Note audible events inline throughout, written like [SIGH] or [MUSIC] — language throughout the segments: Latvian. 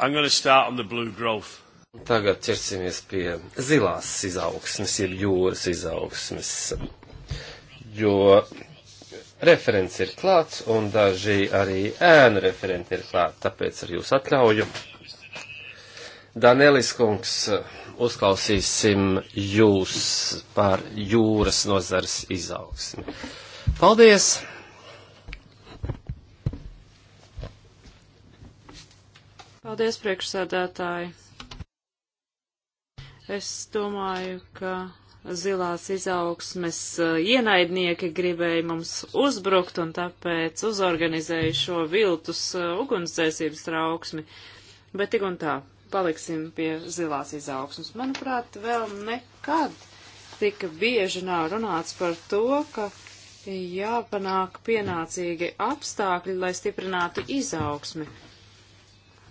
I'm going to start on the blue growth. Tagad ķersimies pie zilās izaugsmes, jeb jūras izaugsmes, jo referents ir klāts un daži arī ēnu referenti ir klāt, tāpēc ar jūs atļauju. Danelis kungs, uzklausīsim jūs par jūras nozars izaugsmi. Paldies! Paldies, priekšsēdētāji. Es domāju, ka zilās izaugsmes eh, ienaidnieki gribēja mums uzbrukt un tāpēc uzorganizēja šo viltus eh, ugunsdzēsības trauksmi. Bet tik un tā, paliksim pie zilās izaugsmes. Manuprāt, vēl nekad tik bieži nav runāts par to, ka jāpanāk pienācīgi apstākļi, lai stiprinātu izaugsmi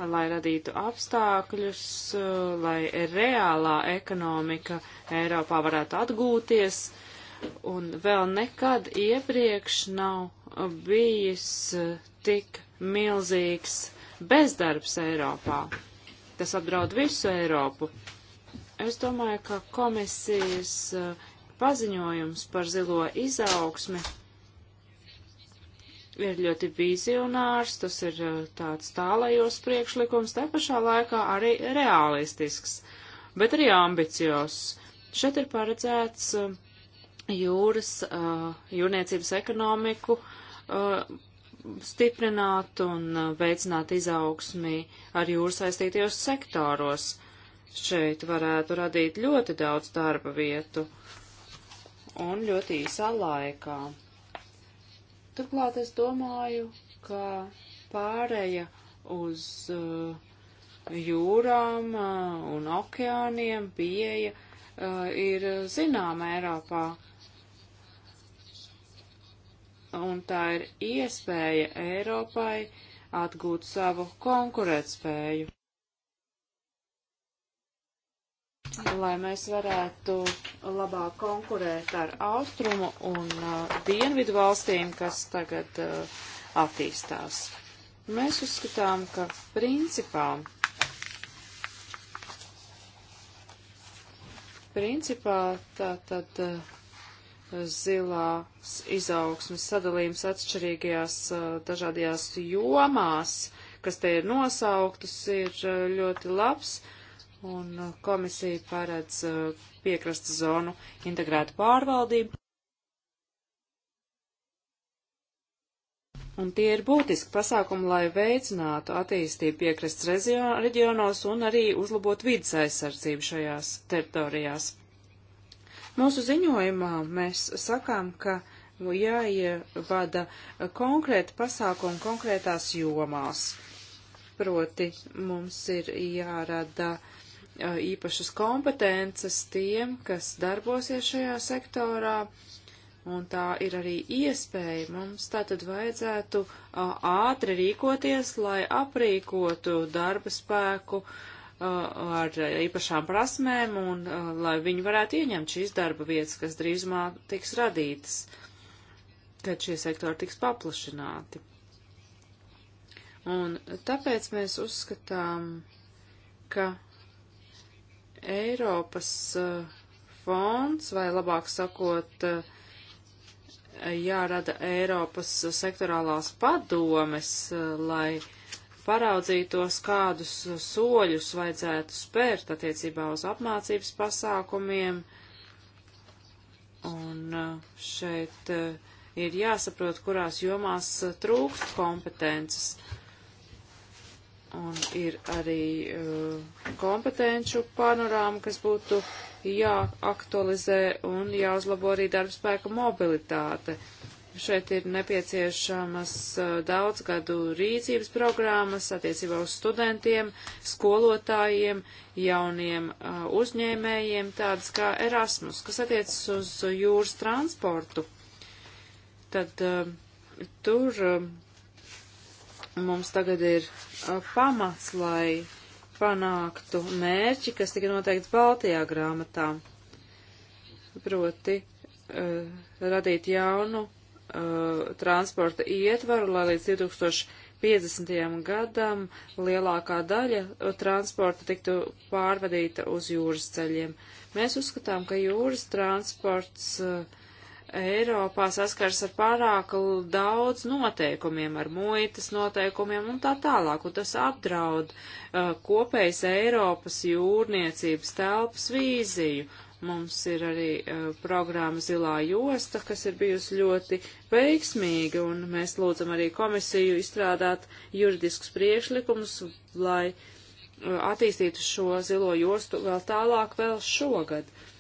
lai radītu apstākļus, eh, lai reālā ekonomika Eiropā varētu atgūties. Un vēl nekad iepriekš nav bijis eh, tik milzīgs bezdarbs Eiropā. Tas apdraud visu Eiropu. Es domāju, ka komisijas eh, paziņojums par zilo izaugsmi ir ļoti vizionārs, tas ir uh, tāds tālajos priekšlikums, te pašā laikā arī realistisks, bet arī ambiciozs. Šeit ir paredzēts uh, jūras, uh, jūrniecības ekonomiku stiprināt un veicināt izaugsmī ar jūras saistītajos sektoros. Šeit varētu radīt ļoti daudz darba vietu un ļoti īsā laikā. Turklāt es domāju, ka pārēja uz uh, jūrām uh, un okeāniem pieeja uh, ir zināma Eiropā. Un tā ir iespēja Eiropai atgūt savu konkurētspēju. lai mēs varētu labāk konkurēt ar austrumu un uh, dienvidu valstīm, kas tagad uh, attīstās. Mēs uzskatām, ka principā, principā tā tad uh, zilās izaugsmes sadalījums atšķirīgajās uh, dažādajās jomās, kas te ir nosauktas, ir uh, ļoti labs. Uh, un uh, komisija paredz uh, piekrasta zonu integrētu pārvaldību. Un tie ir būtiski pasākumi, lai veicinātu attīstību piekrastes reģionos un arī uzlabot vidas aizsardzību šajās teritorijās. Mūsu ziņojumā mēs sakām, ka jāievada konkrēti pasākumi konkrētās jomās. Proti mums ir jārada uh, īpašas kompetences tiem, kas darbosies šajā sektorā, un tā ir arī iespēja. Mums tātad vajadzētu ātri rīkoties, lai aprīkotu darba spēku ar īpašām prasmēm un lai viņi varētu ieņemt šīs darba vietas, kas drīzumā tiks radītas, kad šie sektori tiks paplašināti. Un tāpēc mēs uzskatām, ka Eiropas eh, fonds, vai labāk sakot, eh, jārada Eiropas sektorālās padomes, eh, lai paraudzītos, kādus soļus vajadzētu spērt attiecībā uz apmācības pasākumiem. Un šeit ir jāsaprot, kurās jomās trūkst kompetences. Un ir arī uh, kompetenču panorāma, kas būtu jāaktualizē un jāuzlabo arī darbspēka mobilitāte. Šeit ir nepieciešamas uh, daudzgadu rīcības programmas attiecībā uz studentiem, skolotājiem, jauniem uh, uzņēmējiem, tādas kā Erasmus, kas attiecas uz jūras transportu. Tad uh, tur. Uh, Mums tagad ir uh, pamats, lai panāktu mērķi, kas tika noteikts Baltijā grāmatā, proti uh, radīt jaunu uh, transporta ietvaru, lai līdz 2050. gadam lielākā daļa transporta tiktu pārvadīta uz jūras ceļiem. Mēs uzskatām, ka jūras transports uh, Eiropā saskars ar pārāk daudz noteikumiem, ar muitas noteikumiem un tā tālāk, un tas apdraud uh, kopējas Eiropas jūrniecības telpas vīziju. Mums ir arī uh, programma Zilā josta, kas ir bijusi ļoti veiksmīga, un mēs lūdzam arī komisiju izstrādāt juridiskus priekšlikumus, lai uh, attīstītu šo zilo jostu vēl tālāk, vēl šogad. Uh,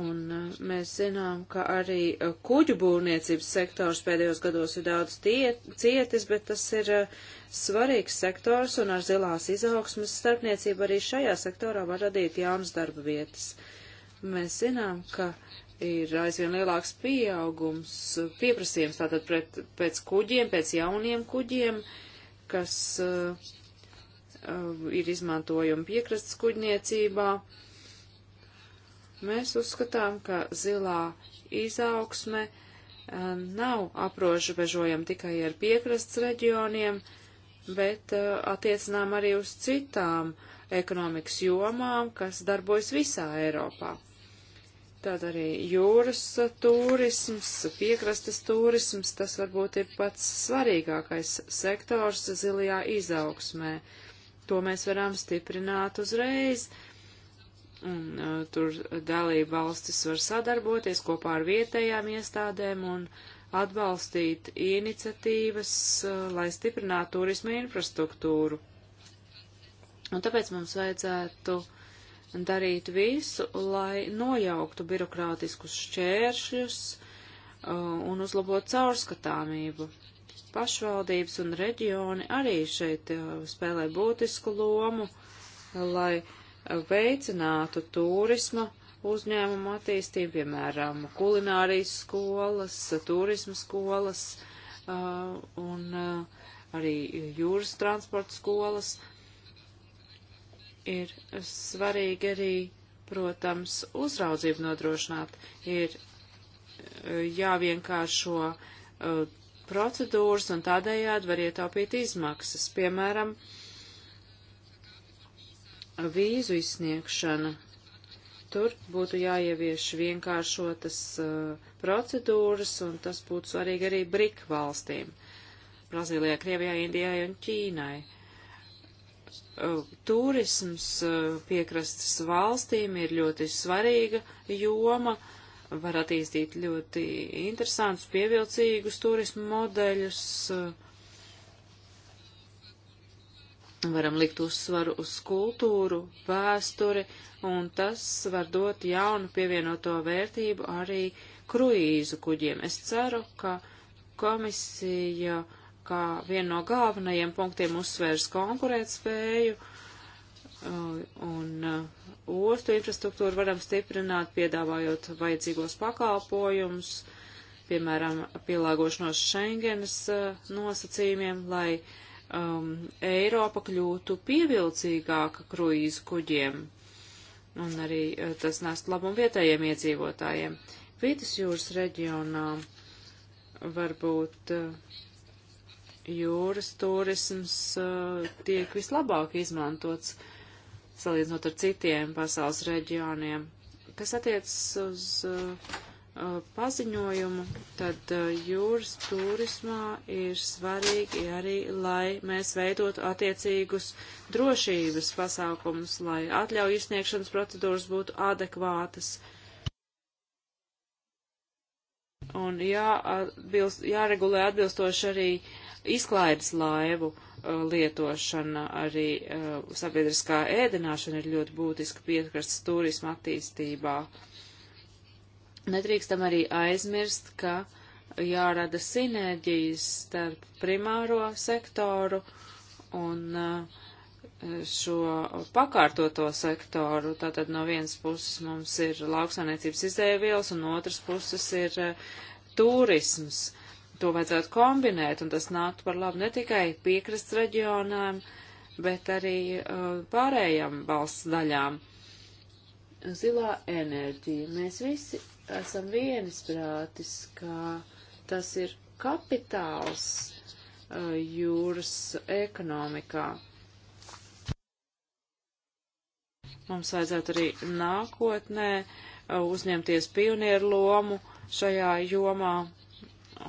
Un uh, mēs zinām, ka arī uh, kuģu būvniecības sektors pēdējos gados ir daudz tie, cietis, bet tas ir uh, svarīgs sektors un ar zilās izaugsmas starpniecību arī šajā sektorā var radīt jaunas darba vietas. Mēs zinām, ka ir aizvien lielāks pieaugums, pieprasījums tātad pret, pēc kuģiem, pēc jauniem kuģiem, kas uh, ir izmantojumi piekrastas kuģniecībā. Uh, Mēs uzskatām, ka zilā izaugsme eh, nav aprobežojama tikai ar piekrasts reģioniem, bet eh, attiecinām arī uz citām ekonomikas jomām, kas darbojas visā Eiropā. Tad arī jūras turisms, piekrastes turisms, tas varbūt ir pats svarīgākais sektors zilajā izaugsmē. To mēs varam stiprināt uzreiz, Un, uh, tur dalība valstis var sadarboties kopā ar vietējām iestādēm un atbalstīt iniciatīvas, uh, lai stiprinātu turisma infrastruktūru. Un tāpēc mums vajadzētu darīt visu, lai nojauktu birokrātiskus šķēršļus uh, un uzlabot caurskatāmību. Pašvaldības un reģioni arī šeit uh, spēlē būtisku lomu, lai uh, veicinātu turisma uzņēmumu attīstību, piemēram, kulinārijas skolas, turisma skolas un arī jūras transporta skolas. Ir svarīgi arī, protams, uzraudzību nodrošināt. Ir jāvienkāršo procedūras un tādējādi var ietaupīt izmaksas. Piemēram, uh, vīzu izsniegšana. Tur būtu jāievieš vienkāršotas uh, procedūras, un tas būtu svarīgi arī BRIK valstīm - Brazīlijai, Krievijai, Indijai un Ķīnai. Uh, turisms uh, piekrastes valstīm ir ļoti svarīga joma, var attīstīt ļoti interesantus, pievilcīgus turismu modeļus. Uh, varam likt uzsvaru uz kultūru, vēsturi, un tas var dot jaunu pievienoto vērtību arī kruīzu kuģiem. Es ceru, ka komisija kā vienu no galvenajiem punktiem uzsvērs konkurētspēju, uh, un uh, ostu infrastruktūru varam stiprināt, piedāvājot vajadzīgos pakalpojumus, piemēram, pielāgošanos Schengenas uh, nosacījumiem, lai uh, um, Eiropa kļūtu pievilcīgāka kruīzu kuģiem, un arī uh, tas nest labumu vietējiem iedzīvotājiem. Vidusjūras reģionā varbūt uh, jūras turisms uh, tiek vislabāk izmantots, salīdzinot ar citiem pasaules reģioniem. Kas attiecas uz uh, Uh, paziņojumu, tad uh, jūras turismā ir svarīgi arī, lai mēs veidotu attiecīgus drošības pasākumus, lai atļauju izsniegšanas procedūras būtu adekvātas. Un jā, atbilst, jāregulē atbilstoši arī izklaides laivu uh, lietošana, arī sabiedriskā ēdināšana ir ļoti būtiska piekrastes turisma attīstībā. Uh, Netrīkstam arī aizmirst, ka jārada sinerģijas starp primāro sektoru un eh, šo pakārtoto sektoru. Tātad no vienas puses mums ir lauksaimniecības izdevielas un no otras puses ir eh, turisms. To vajadzētu kombinēt, un tas nāktu par labu ne tikai piekrasts reģionām, bet arī eh, pārējām valsts daļām. Zilā enerģija. Mēs visi esam vienisprātis, ka tas ir kapitāls uh, jūras ekonomikā. Mums vajadzētu arī nākotnē uh, uzņemties pionieru lomu šajā jomā,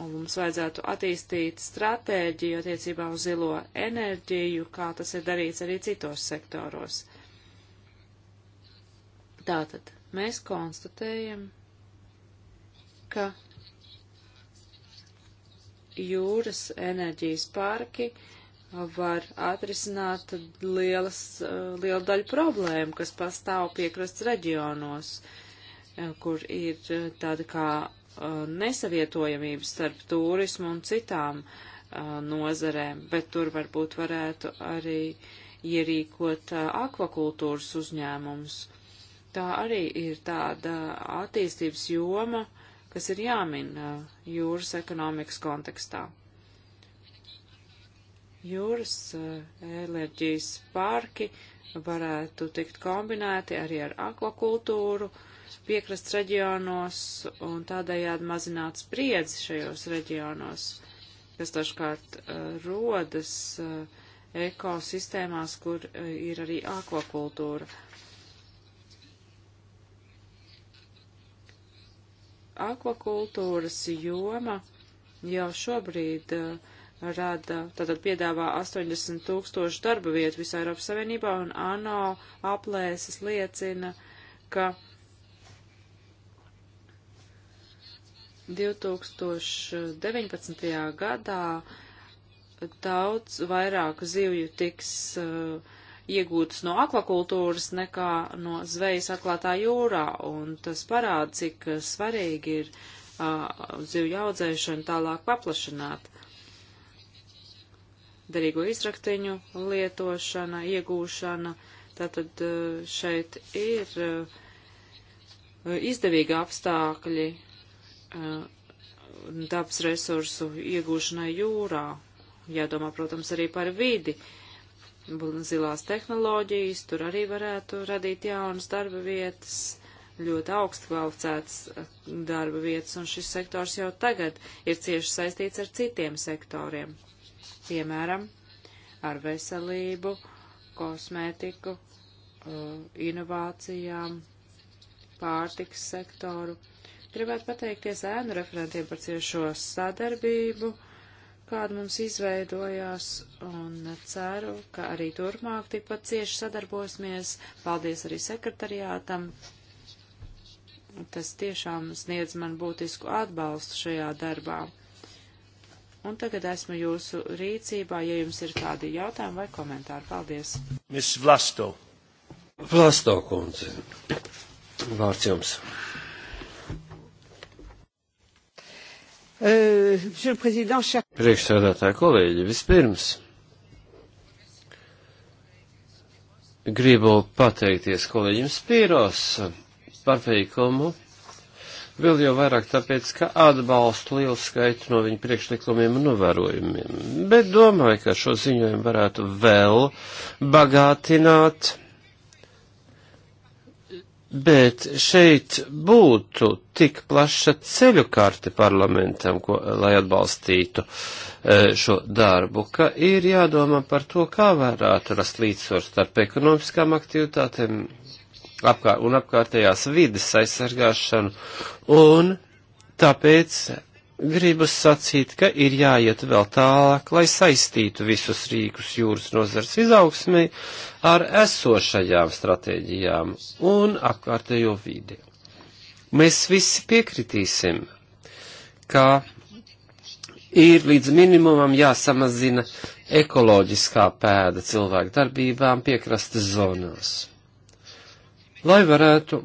un mums vajadzētu attīstīt stratēģiju attiecībā uz zilo enerģiju, kā tas ir darīts arī citos sektoros. Tātad mēs konstatējam ka jūras enerģijas parki var atrisināt lielas, lielu daļu problēmu, kas pastāv piekrasts reģionos, kur ir tāda kā nesavietojamība starp turismu un citām nozarēm, bet tur varbūt varētu arī ierīkot akvakultūras uzņēmumus. Tā arī ir tāda attīstības joma, uh, kas ir jāmin uh, jūras ekonomikas kontekstā. Jūras uh, enerģijas parki varētu tikt kombinēti arī ar akvakultūru piekrasts reģionos un tādējādi mazināt spriedzi šajos reģionos, kas dažkārt uh, rodas ekosistēmās, kur ir arī akvakultūra. akvakultūras joma jau šobrīd uh, rada, tātad piedāvā 80 tūkstošu darba vietu visā Eiropas Savienībā, un ANO aplēses liecina, ka 2019. gadā daudz vairāk zivju tiks uh, iegūtas no akvakultūras nekā no zvejas atklātā jūrā, un tas parāda, cik svarīgi ir uh, zivju audzēšanu tālāk paplašināt. Derīgo izraktiņu lietošana, iegūšana, tātad uh, šeit ir uh, izdevīgi apstākļi dabas resursu iegūšanai jūrā. Jādomā, protams, arī par vidi. Uh, zilās tehnoloģijas, tur arī varētu radīt jaunas darba vietas, ļoti augstu kvalificētas eh, darba vietas, un šis sektors jau tagad ir cieši saistīts ar citiem sektoriem, piemēram, ar veselību, kosmētiku, eh, inovācijām, pārtiks sektoru. Gribētu pateikties ēnu referentiem par ciešo sadarbību kāda mums izveidojās, un ceru, ka arī turpmāk tikpat cieši sadarbosimies. Paldies arī sekretariātam. Tas tiešām sniedz man būtisku atbalstu šajā darbā. Un tagad esmu jūsu rīcībā, ja jums ir kādi jautājumi vai komentāri. Paldies. Miss Vlasto. Vlasto kundze. Vārds jums. Euh, Priekšsēdētāji kolēģi, vispirms gribu pateikties kolēģim Spīros par veikumu, vēl jau vairāk tāpēc, ka atbalstu lielu skaitu no viņa priekšlikumiem un novērojumiem, bet domāju, ka šo ziņojumu varētu vēl bagātināt Bet šeit būtu tik plaša ceļu karte parlamentam, ko, lai atbalstītu e, šo darbu, ka ir jādomā par to, kā varētu rast līdzsvaru starp ekonomiskām aktivitātēm apkār un apkārtējās vides aizsargāšanu, un tāpēc gribu sacīt, ka ir jāiet vēl tālāk, lai saistītu visus rīkus jūras nozars izaugsmē ar esošajām stratēģijām un apkārtējo vidi. Mēs visi piekritīsim, ka ir līdz minimumam jāsamazina ekoloģiskā pēda cilvēku darbībām piekrastes zonās. Lai varētu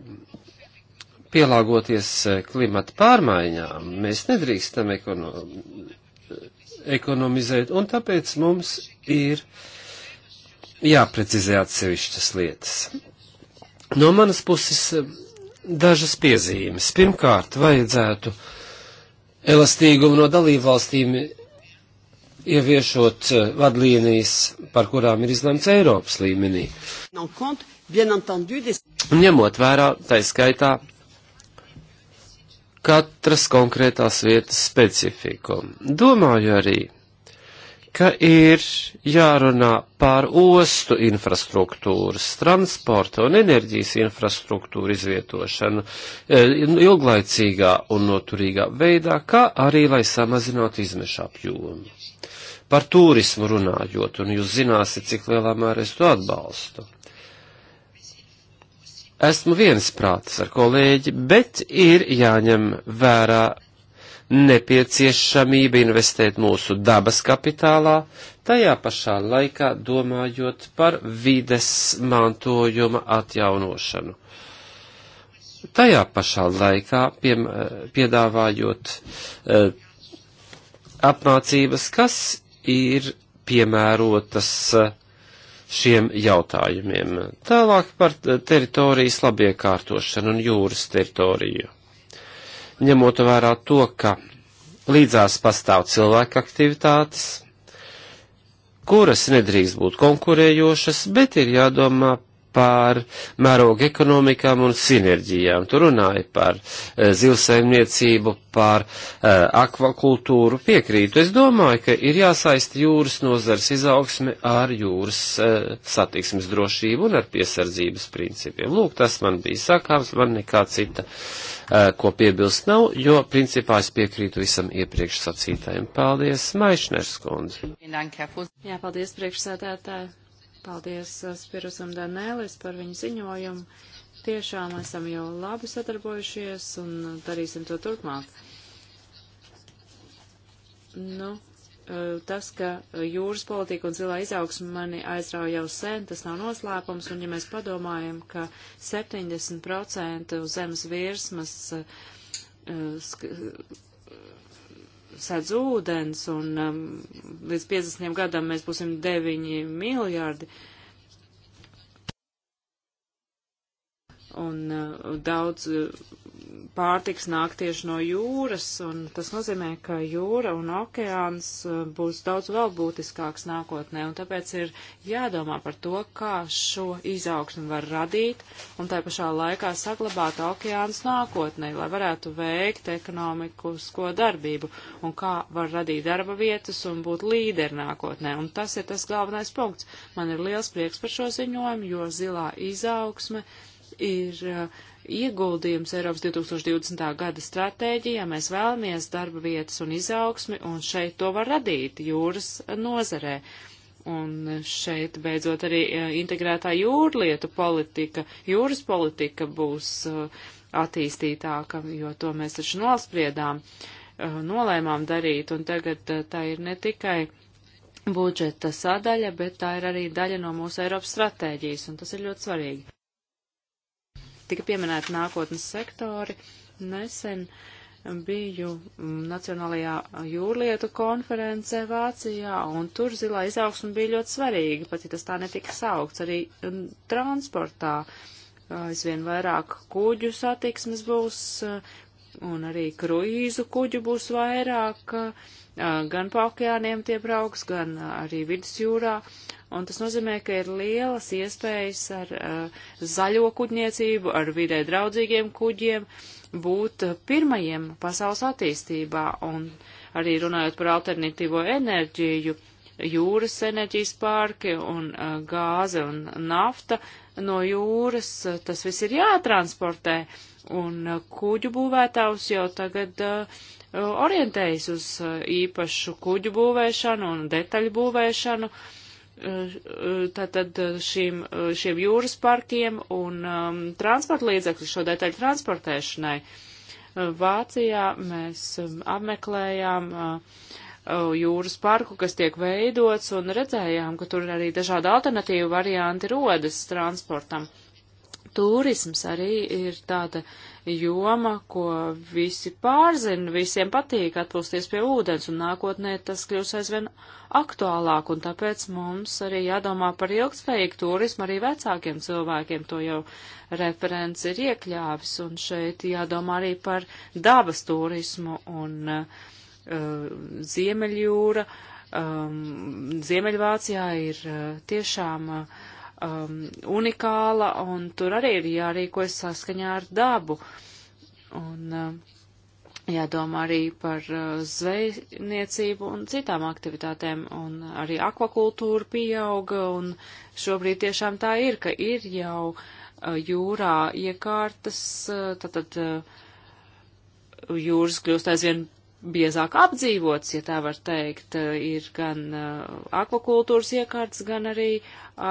pielāgoties e, klimata pārmaiņām, mēs nedrīkstam ekono ekonomizēt, un tāpēc mums ir jāprecizē atsevišķas lietas. No manas puses e, dažas piezīmes. Pirmkārt, vajadzētu elastīgumu no dalībvalstīm ieviešot e, vadlīnijas, par kurām ir izlemts Eiropas līmenī. Ņemot vērā, tā skaitā, katras konkrētās vietas specifiku. Domāju arī, ka ir jārunā par ostu infrastruktūras, transporta un enerģijas infrastruktūru izvietošanu e, ilglaicīgā un noturīgā veidā, kā arī, lai samazinātu izmešu apjomu. Par turismu runājot, un jūs zināsiet, cik lielā mērā es to atbalstu esmu viensprātis ar kolēģi, bet ir jāņem vērā nepieciešamība investēt mūsu dabas kapitālā, tajā pašā laikā domājot par vides mantojuma atjaunošanu. Tajā pašā laikā piem, piedāvājot uh, apmācības, kas ir piemērotas uh, šiem jautājumiem. Tālāk par teritorijas labiekārtošanu un jūras teritoriju. Ņemot vērā to, ka līdzās pastāv cilvēka aktivitātes, kuras nedrīkst būt konkurējošas, bet ir jādomā par mērogu ekonomikām un sinerģijām. Tur runāja par eh, zivsaimniecību, par eh, akvakultūru piekrītu. Es domāju, ka ir jāsaista jūras nozars izaugsme ar jūras eh, satiksmes drošību un ar piesardzības principiem. Lūk, tas man bija sakāms, man nekā cita, ko piebilst nav, jo principā es piekrītu visam iepriekš sacītājiem. Paldies, Maišners kundze. Jā, paldies, priekšsēdētāji. Paldies uh, Spirusam Danēlis par viņu ziņojumu. Tiešām esam jau labi sadarbojušies un uh, darīsim to turpmāk. Nu, uh, tas, ka jūras politika un zilā izaugsme mani aizrauja jau sen, tas nav noslēpums, un ja mēs padomājam, ka 70% zemes virsmas sēdz ūdens, un um, līdz 50 gadam mēs būsim 9 miljārdi. Un uh, daudz uh, pārtiks nāk tieši no jūras, un tas nozīmē, ka jūra un okeāns uh, būs daudz vēl būtiskāks nākotnē, un tāpēc ir jādomā par to, kā šo izaugsmu var radīt, un tā pašā laikā saglabāt okeāns nākotnē, lai varētu veikt ekonomikusko darbību, un kā var radīt darba vietas un būt līderi nākotnē, un tas ir tas galvenais punkts. Man ir liels prieks par šo ziņojumu, jo zilā izaugsme ir uh, ieguldījums Eiropas 2020. gada stratēģijā. Mēs vēlamies darba vietas un izaugsmi, un šeit to var radīt jūras nozarē. Un šeit beidzot arī e, integrētā jūrlietu politika, jūras politika būs e, attīstītāka, jo to mēs taču nospriedām, e, nolēmām darīt, un tagad tā ir ne tikai budžeta sadaļa, bet tā ir arī daļa no mūsu Eiropas stratēģijas, un tas ir ļoti svarīgi tika pieminēti nākotnes sektori. Nesen biju mm, Nacionālajā jūrlietu konferencē Vācijā, un tur zilā izaugsme bija ļoti svarīga, pat ja tas tā netika saukts, arī mm, transportā. Mm, aizvien vairāk kuģu satiksmes būs, un arī kruīzu kuģu būs vairāk, gan pa okeāniem tie brauks, gan arī vidusjūrā, un tas nozīmē, ka ir lielas iespējas ar zaļo kuģniecību, ar vidē draudzīgiem kuģiem būt pirmajiem pasaules attīstībā, un arī runājot par alternatīvo enerģiju, jūras enerģijas pārki un gāze un nafta no jūras, tas viss ir jātransportē Un uh, kuģu būvētājs jau tagad uh, orientējas uz uh, īpašu kuģu būvēšanu un detaļu būvēšanu, uh, uh tātad šīm, šiem jūras parkiem un um, transporta līdzekļu šo detaļu transportēšanai. Vācijā mēs um, apmeklējām uh, jūras parku, kas tiek veidots, un redzējām, ka tur arī dažādi alternatīvu varianti rodas transportam. Uh, turisms arī ir tāda joma, ko visi pārzina, visiem patīk atpūsties pie ūdens, un nākotnē tas kļūs aizvien aktuālāk, un tāpēc mums arī jādomā par ilgspējīgu turismu arī vecākiem cilvēkiem, to jau referents ir iekļāvis, un šeit jādomā arī par dabas turismu un uh, Ziemeļjūra. Um, Ziemeļvācijā ir uh, tiešām uh, um, unikāla, un tur arī ir jārīkojas saskaņā ar dabu. Un um, jādomā arī par uh, zvejniecību un citām aktivitātēm, un arī akvakultūra pieauga, un šobrīd tiešām tā ir, ka ir jau uh, jūrā iekārtas, uh, tātad. Uh, jūras kļūst aizvien biezāk apdzīvots, ja tā var teikt, eh, ir gan eh, akvakultūras iekārtas, gan arī eh,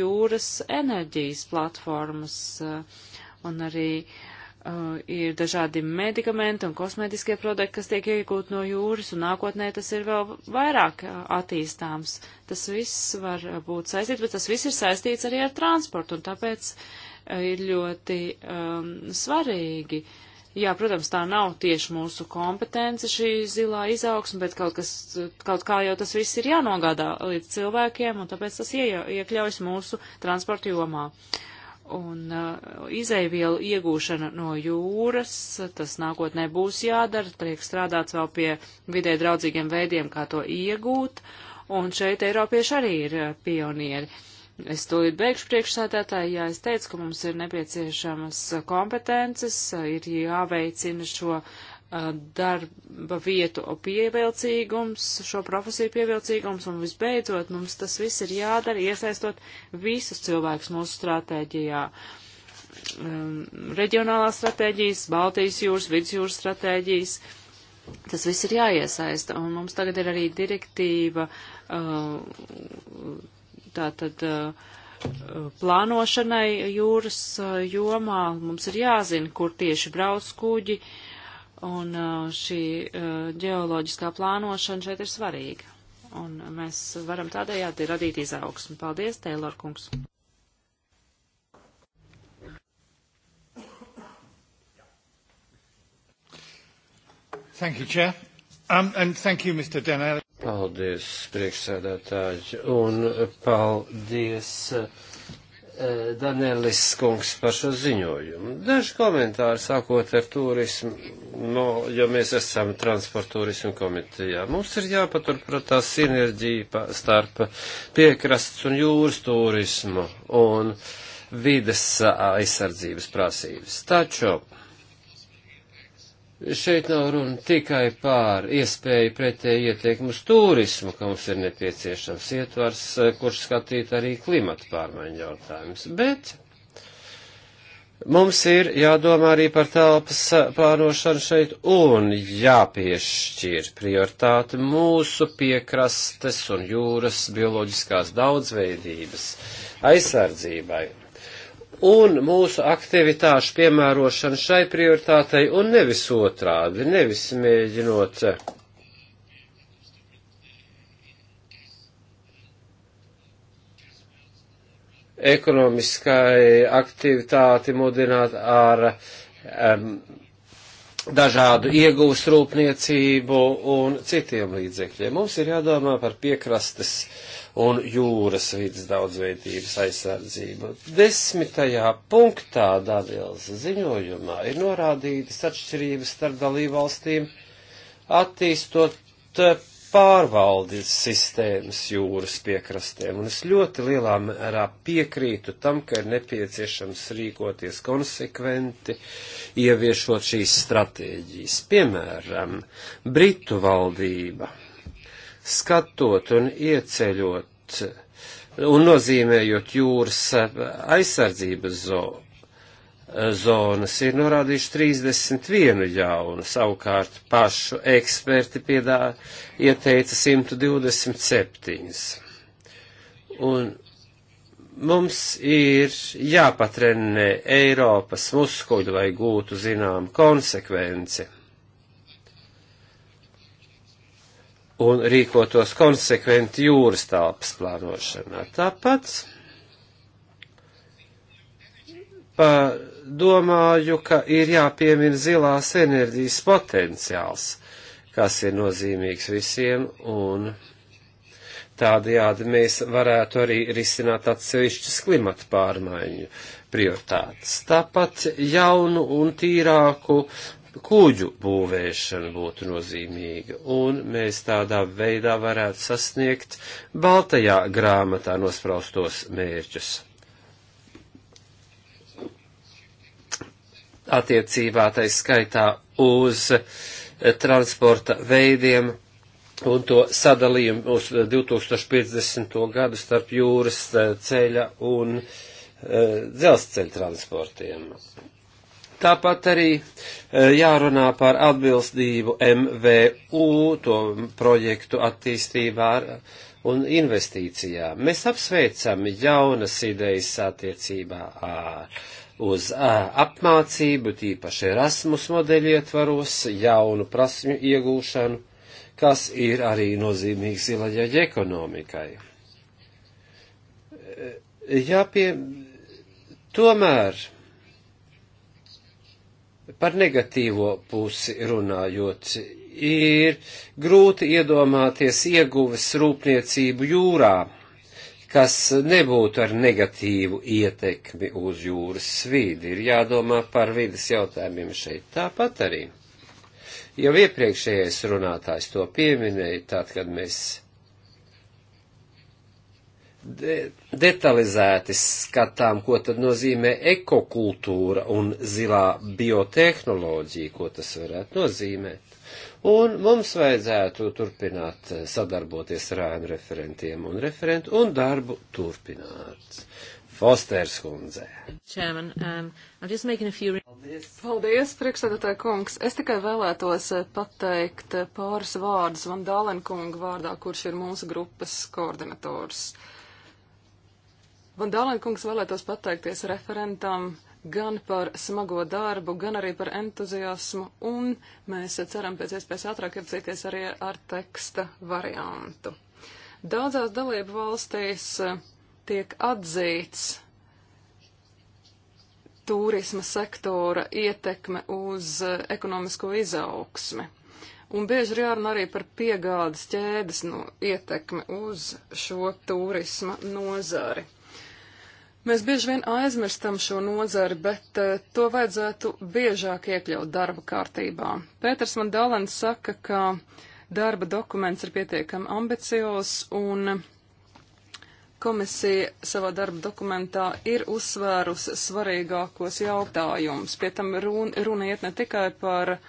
jūras enerģijas platformas un arī ir dažādi medikamenti un kosmētiskie produkti, kas tiek iegūti no jūras, un nākotnē tas ir vēl vairāk attīstāms. Tas viss var būt saistīts, bet tas viss ir saistīts arī ar transportu, un tāpēc ir ļoti um, svarīgi uh, Jā, protams, tā nav tieši mūsu kompetence šī zilā izaugsme, bet kaut, kas, kaut kā jau tas viss ir jānogādā līdz cilvēkiem, un tāpēc tas ie, iekļaujas mūsu transporta jomā. Un uh, izēvielu iegūšana no jūras, tas nākotnē būs jādara, tiek strādāts vēl pie vidē draudzīgiem veidiem, kā to iegūt, un šeit Eiropieši arī ir uh, pionieri. Uh, Es tūlīt beigšu priekšsādātāju, jā, es teicu, ka mums ir nepieciešamas kompetences, ir jāveicina šo darba vietu pievilcīgums, šo profesiju pievilcīgums, un visbeidzot, mums tas viss ir jādara, iesaistot visus cilvēkus mūsu stratēģijā. Reģionālās stratēģijas, Baltijas jūras, vidusjūras stratēģijas. Tas viss ir jāiesaista, un mums tagad ir arī direktīva uh, tātad uh, plānošanai jūras uh, jomā. Mums ir jāzina, kur tieši brauc kuģi, un uh, šī ģeoloģiskā plānošana šeit ir svarīga. Un mēs varam tādējādi radīt izaugsmu. Paldies, Teilor kungs! Thank you, Chair. Um, and thank you, Mr. Denelli. Paldies, priekšsēdētāji, un paldies eh, Danelis Kungs par šo ziņojumu. Daži komentāri sākot ar turismu, no, jo mēs esam transporta turismu komitejā. Mums ir jāpaturprātā sinerģija starp piekrasts un jūras turismu un vides aizsardzības prasības. Taču Šeit nav runa tikai pār iespēju pretēji ieteikumu uz turismu, ka mums ir nepieciešams ietvars, eh, kurš skatīt arī klimata pārmaiņu jautājumus, bet mums ir jādomā arī par telpas plānošanu šeit un jāpiešķir prioritāti mūsu piekrastes un jūras bioloģiskās daudzveidības aizsardzībai un mūsu aktivitāšu piemērošana šai prioritātei un nevis otrādi, nevis mēģinot eh, ekonomiskai aktivitāti mudināt ar um, dažādu iegūst rūpniecību un citiem līdzekļiem. Mums ir jādomā par piekrastes uh, un jūras vidas daudzveidības aizsardzību. Desmitajā punktā Daniels ziņojumā ir norādītas atšķirības starp dalībvalstīm attīstot eh, pārvaldes sistēmas jūras piekrastēm, un es ļoti lielā mērā piekrītu tam, ka ir nepieciešams rīkoties konsekventi, ieviešot šīs stratēģijas. Piemēram, Britu valdība skatot un ieceļot un nozīmējot jūras aizsardzības zonu zonas ir norādījuši 31 jaunu, savukārt pašu eksperti piedā ieteica 127. Un mums ir jāpatrenē Eiropas muskuļi, lai gūtu zinām konsekvenci. un rīkotos konsekventi jūras telpas plānošanā. Tāpat domāju, ka ir jāpiemina zilās enerģijas potenciāls, kas ir nozīmīgs visiem, un tādajādi mēs varētu arī risināt atsevišķas klimata pārmaiņu prioritātes. Tāpat jaunu un tīrāku kuģu būvēšana būtu nozīmīga, un mēs tādā veidā varētu sasniegt Baltajā grāmatā nospraustos mērķus. Attiecībā taisa skaitā uz transporta veidiem un to sadalījumu uz 2050. gadu starp jūras ceļa un eh, dzelzceļa transportiem. Tāpat arī e, jārunā par atbilstību MVU, to projektu attīstībā un investīcijām. Mēs apsveicam jaunas idejas attiecībā ar uz apmācību, tīpaši Erasmus modeļu ietvaros, jaunu prasmju iegūšanu, kas ir arī nozīmīgs zilajai ekonomikai. E, Jā, pie, tomēr Par negatīvo pusi runājot, ir grūti iedomāties ieguves rūpniecību jūrā, kas nebūtu ar negatīvu ietekmi uz jūras vidi. Ir jādomā par vidas jautājumiem šeit tāpat arī. Jau iepriekšējais runātājs to pieminēja, tad, kad mēs de, detalizēti skatām, ko tad nozīmē ekokultūra un zilā biotehnoloģija, ko tas varētu nozīmēt. Un mums vajadzētu turpināt eh, sadarboties ar ēnu referentiem un referentu un darbu turpināt. Fosters kundze. Chairman, um, few... Paldies, Paldies priekšsēdētāji kungs. Es tikai vēlētos eh, pateikt eh, pāris vārdus Van Dālenkunga vārdā, kurš ir mūsu grupas koordinators. Uh, Van Dālenkungs vēlētos pateikties referentam gan par smago darbu, gan arī par entuziasmu, un mēs ceram pēc iespējas ātrāk iepazīties arī ar teksta variantu. Daudzās dalību valstīs eh, tiek atzīts turisma sektora ietekme uz eh, ekonomisko izaugsmi. Un bieži ir jārunā arī par piegādes ķēdes no nu, ietekmi uz šo turisma nozari. Mēs bieži vien aizmirstam šo nozari, bet uh, to vajadzētu biežāk iekļaut darba kārtībā. Pēters man Dalens saka, ka darba dokuments ir pietiekami ambiciozs un komisija savā darba dokumentā ir uzsvērusi svarīgākos jautājumus. Pie tam runa, runa iet ne tikai par uh,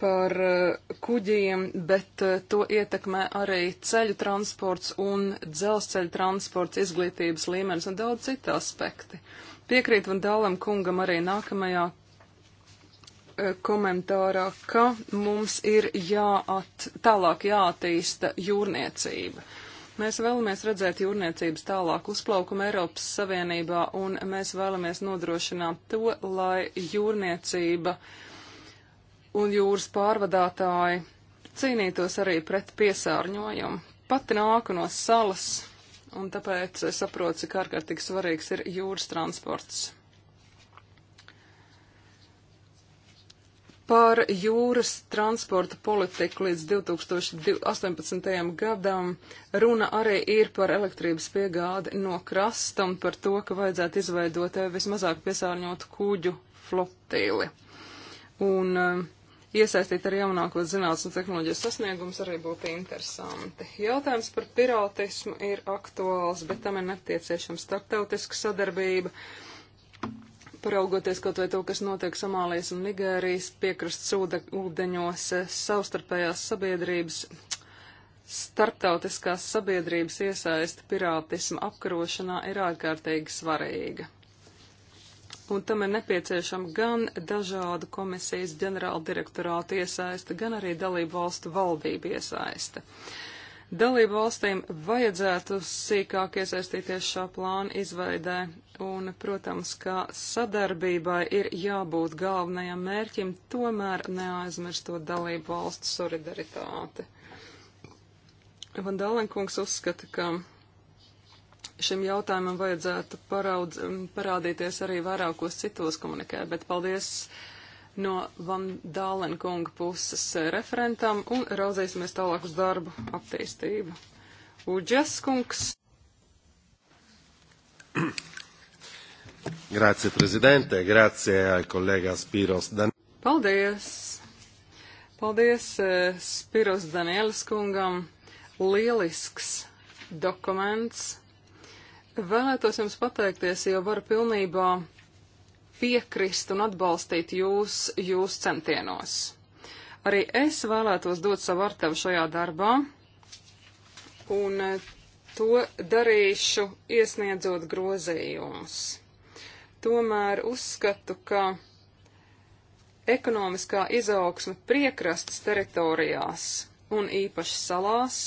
par eh, kuģiem, bet eh, to ietekmē arī ceļu transports un dzelzceļa transports, izglītības līmenis un daudz citu aspekti. Piekrīt un dālam kungam arī nākamajā eh, komentārā, ka mums ir jāat, tālāk jāattīsta jūrniecība. Mēs vēlamies redzēt jūrniecības tālāk uzplaukumu Eiropas Savienībā, un mēs vēlamies nodrošināt to, lai jūrniecība uh, un jūras pārvadātāji cīnītos arī pret piesārņojumu. Pati nāku no salas, un tāpēc es saprotu, cik ārkārtīgi svarīgs ir jūras transports. Par jūras transporta politiku līdz 2018. gadam runa arī ir par elektrības piegādi no krasta un par to, ka vajadzētu izveidot eh, vismazāk piesārņotu kuģu flotīli. Un uh, iesaistīt ar jaunāko zinātnes un tehnoloģijas sasniegumus arī būtu interesanti. Jautājums par pirātismu ir aktuāls, bet tam ir nepieciešama starptautiska sadarbība. Paraugoties kaut vai to, kas notiek Somālijas un Nigērijas piekrastes ūdeņos, savstarpējās sabiedrības, starptautiskās sabiedrības iesaista pirātismu apkarošanā ir ārkārtīgi svarīga un tam ir nepieciešama gan dažādu komisijas ģenerāla direktorāta iesaista, gan arī dalību valstu valdību iesaista. Dalību valstīm vajadzētu sīkāk iesaistīties šā plāna izveidē, un, protams, ka sadarbībai ir jābūt galvenajam mērķim, tomēr neaizmirstot dalību valstu solidaritāti. Vandalenkungs uzskata, ka šim jautājumam vajadzētu paraudz, parādīties arī vairākos citos komunikē, bet paldies no Van Dālen kunga puses referentam un raudzēsimies tālāk uz darbu attīstību. Uģes kungs. [CLEARS THROAT] Grazie, prezidente, grazie al kolēga Spiros Dan. Paldies! Paldies eh, Spiros Danielis kungam. Lielisks dokuments Vēlētos jums pateikties, jo varu pilnībā piekrist un atbalstīt jūs, jūs centienos. Arī es vēlētos dot savu artavu šajā darbā, un e, to darīšu iesniedzot grozījumus. Tomēr uzskatu, ka ekonomiskā izaugsme priekrastes teritorijās un īpaši salās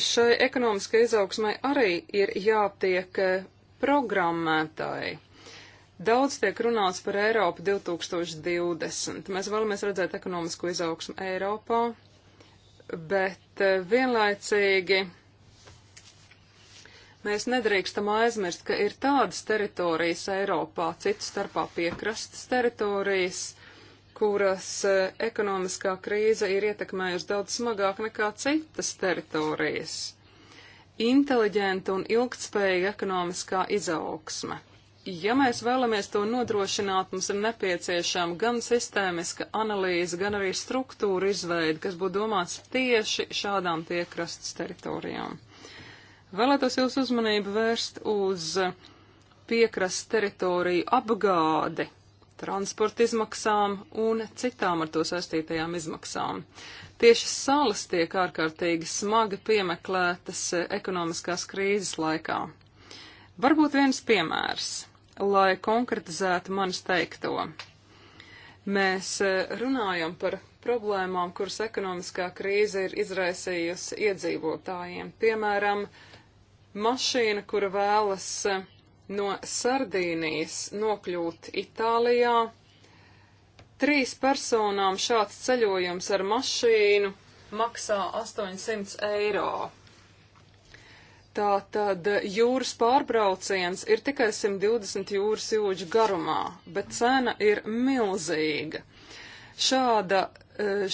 šai ekonomiskai izaugsmai arī ir jātiek eh, programmētāji. Daudz tiek runāts par Eiropu 2020. Mēs vēlamies redzēt ekonomisko izaugsmu Eiropā, bet eh, vienlaicīgi mēs nedrīkstam aizmirst, ka ir tādas teritorijas Eiropā, citu starpā piekrastas teritorijas, kuras eh, ekonomiskā krīze ir ietekmējusi daudz smagāk nekā citas teritorijas. Inteliģenta un ilgtspējīga ekonomiskā izaugsme. Ja mēs vēlamies to nodrošināt, mums ir nepieciešama gan sistēmiska analīze, gan arī struktūra izveida, kas būtu domāts tieši šādām piekrastes teritorijām. Vēlētos jūs uzmanību vērst uz eh, piekrastes teritoriju apgādi transporta izmaksām un citām ar to saistītajām izmaksām. Tieši salas tiek ārkārtīgi smagi piemeklētas ekonomiskās krīzes laikā. Varbūt viens piemērs, lai konkretizētu manis teikto. Mēs e, runājam par problēmām, kuras ekonomiskā krīze ir izraisījusi iedzīvotājiem. Piemēram, mašīna, kura vēlas e, no Sardīnijas nokļūt Itālijā. Trīs personām šāds ceļojums ar mašīnu maksā 800 eiro. Tātad jūras pārbrauciens ir tikai 120 jūras jūdžu garumā, bet cena ir milzīga. Šāda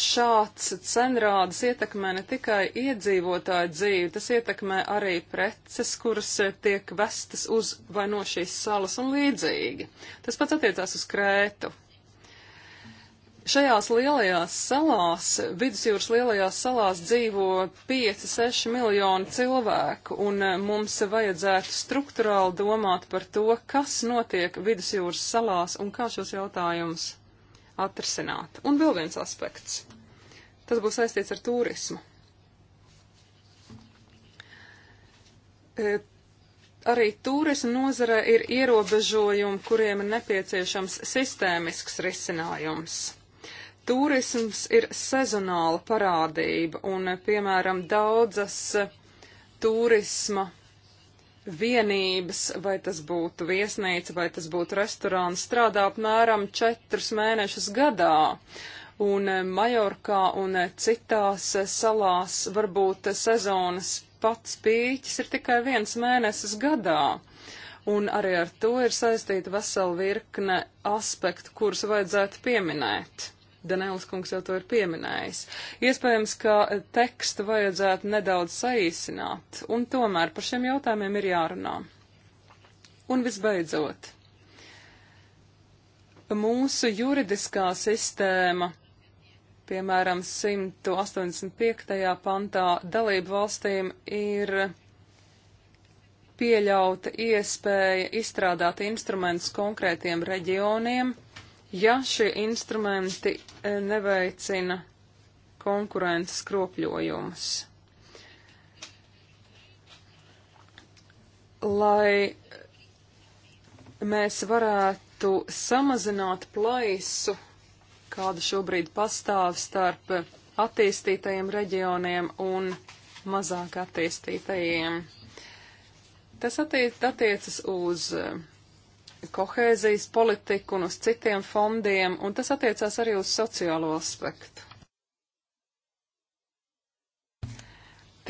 šāds cenrādes ietekmē ne tikai iedzīvotāju dzīvi, tas ietekmē arī preces, kuras tiek vestas uz vai no šīs salas un līdzīgi. Tas pats attiecās uz Krētu. Šajās lielajās salās, vidusjūras lielajās salās dzīvo 5-6 miljoni cilvēku, un eh, mums vajadzētu struktūrāli domāt par to, kas notiek vidusjūras salās un kā šos jautājumus atrisināt. Un vēl viens aspekts. Tas būs saistīts ar turismu. E, arī turismu nozare ir ierobežojumi, kuriem ir nepieciešams sistēmisks risinājums. Turisms ir sezonāla parādība un, piemēram, daudzas turisma vienības, vai tas būtu viesnīca, vai tas būtu restorāns, strādā apmēram četrus mēnešus gadā. Un eh, Majorkā un eh, citās eh, salās varbūt sezonas pats pīķis ir tikai viens mēnesis gadā. Un arī ar to ir saistīta vesela virkne aspektu, kurus vajadzētu pieminēt. Danēls kungs jau to ir pieminējis. Iespējams, ka tekstu vajadzētu nedaudz saīsināt, un tomēr par šiem jautājumiem ir jārunā. Un visbeidzot, mūsu juridiskā sistēma, piemēram, 185. pantā dalību valstīm ir pieļauta iespēja izstrādāt instrumentus konkrētiem reģioniem, ja šie instrumenti e, neveicina konkurences kropļojumus. Lai mēs varētu samazināt plaisu, kāda šobrīd pastāv starp attīstītajiem reģioniem un mazāk attīstītajiem. Tas attiecas uz e, kohēzijas politiku un uz citiem fondiem, un tas attiecās arī uz sociālo aspektu.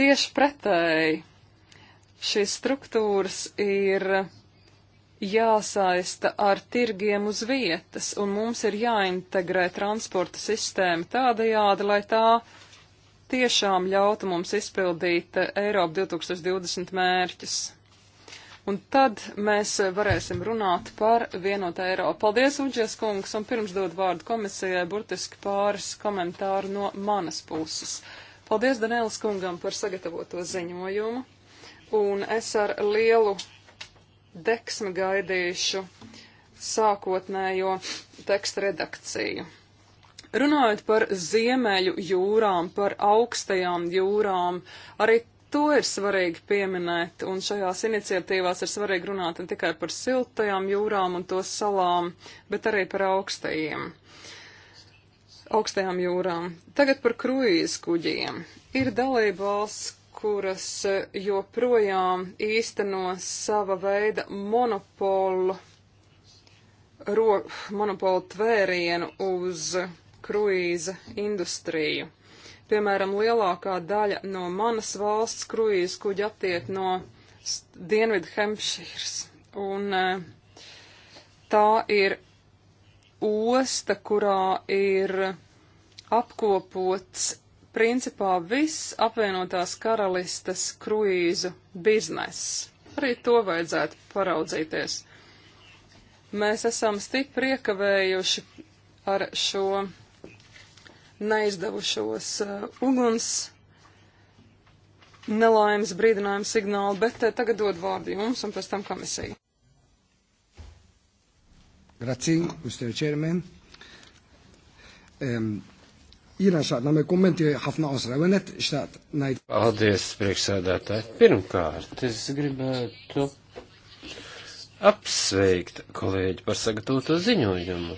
Tieši pretēji šīs struktūras ir jāsaista ar tirgiem uz vietas, un mums ir jāintegrē transporta sistēma tādajādi, lai tā tiešām ļautu mums izpildīt Eiropu 2020 mērķus un tad mēs varēsim runāt par vienotā Eiropu. Paldies, Uģies kungs, un pirms dod vārdu komisijai, burtiski pāris komentāru no manas puses. Paldies Danēlas kungam par sagatavoto ziņojumu, un es ar lielu deksmi gaidīšu sākotnējo teksta redakciju. Runājot par ziemeļu jūrām, par augstajām jūrām, arī To ir svarīgi pieminēt, un šajās iniciatīvās ir svarīgi runāt ne tikai par siltajām jūrām un to salām, bet arī par augstajiem. augstajām jūrām. Tagad par kruīzu kuģiem. Ir dalība valsts, kuras joprojām īsteno sava veida monopolu, ro, monopolu tvērienu uz kruīza industriju. Piemēram, lielākā daļa no manas valsts kruīzes kuģi attiek no Dienvidu Hempšīras. Un eh, tā ir osta, kurā ir apkopots principā viss apvienotās karalistes kruīzu bizness. Arī to vajadzētu paraudzīties. Mēs esam stipri iekavējuši ar šo neizdevušos eh, uguns nelaimes brīdinājumu signālu, bet eh, tagad dod vārdu jums un pēc tam komisiju. Grazie, Mr. Chairman. Um, Paldies, priekšsēdētāji. Pirmkārt, es gribētu apsveikt kolēģi par sagatavoto ziņojumu.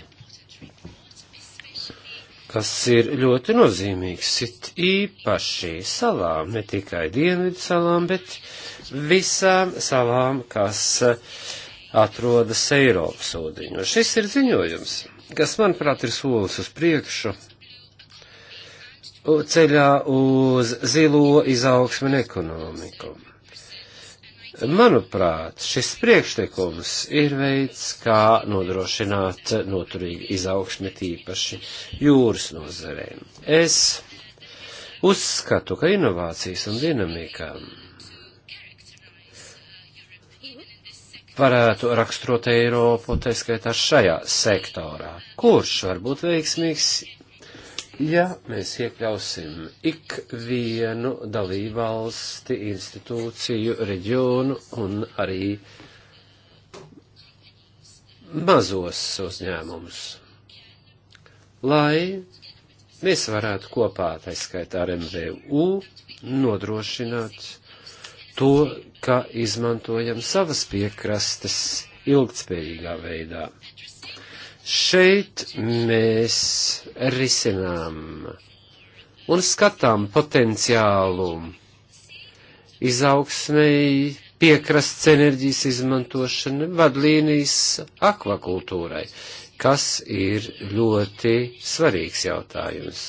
Tas ir ļoti nozīmīgs, it īpaši salām, ne tikai dienvidu salām, bet visām salām, kas atrodas Eiropas ūdeņos. Šis ir ziņojums, kas, manuprāt, ir solis uz priekšu ceļā uz zilo izaugsmu un ekonomiku. Manuprāt, šis priekšlikums ir veids, kā nodrošināt noturīgu izaugsmi tīpaši jūras nozarēm. Es uzskatu, ka inovācijas un dinamika varētu raksturot Eiropu, tā skaitā šajā sektorā, kurš var būt veiksmīgs Ja mēs iekļausim ikvienu dalībvalsti, institūciju, reģionu un arī mazos uzņēmumus, lai mēs varētu kopā, tā skaitā ar MVU, nodrošināt to, ka izmantojam savas piekrastes ilgtspējīgā veidā. Šeit mēs risinām un skatām potenciālu izaugsmēji, piekrasts enerģijas izmantošana, vadlīnijas akvakultūrai, kas ir ļoti svarīgs jautājums.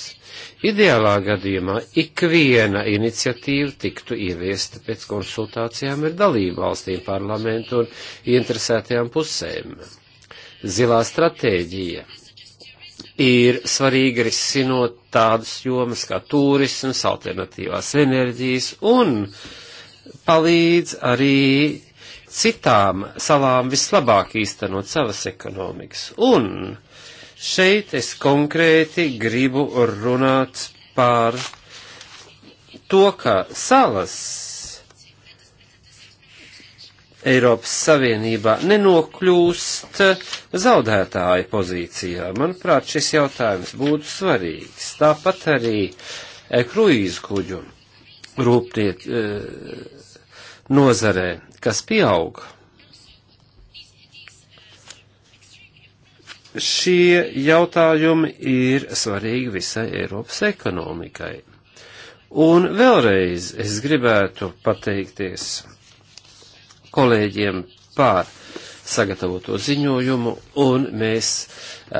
Ideālā gadījumā ikviena iniciatīva tiktu ieviesta pēc konsultācijām ar dalību valstīm, parlamentu un interesētajām pusēm. Zilā stratēģija ir svarīga risinot tādas jomas kā turisms, alternatīvās enerģijas un palīdz arī citām salām vislabāk īstenot savas ekonomikas. Un šeit es konkrēti gribu runāt par to, ka salas Eiropas Savienībā nenokļūst zaudētāja pozīcijā. Manuprāt, šis jautājums būtu svarīgs. Tāpat arī eh, kruīzu kuģu rūpniet eh, nozarē, kas pieaug. Šie jautājumi ir svarīgi visai Eiropas ekonomikai. Un vēlreiz es gribētu pateikties kolēģiem pār sagatavoto ziņojumu, un mēs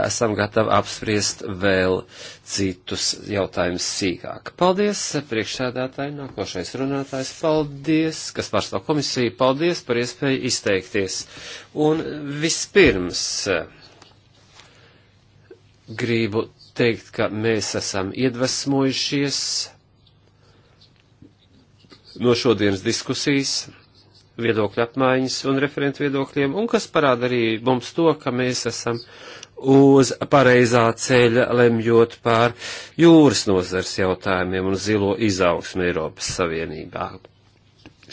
esam gatavi apspriest vēl citus jautājumus sīkāk. Paldies, priekšsēdētāji, nākošais runātājs, paldies, kas pārstāv komisiju, paldies par iespēju izteikties. Un vispirms gribu teikt, ka mēs esam iedvesmojušies no šodienas diskusijas viedokļu apmaiņas un referentu viedokļiem, un kas parāda arī mums to, ka mēs esam uz pareizā ceļa lemjot pār jūras nozars jautājumiem un zilo izaugsmu Eiropas Savienībā.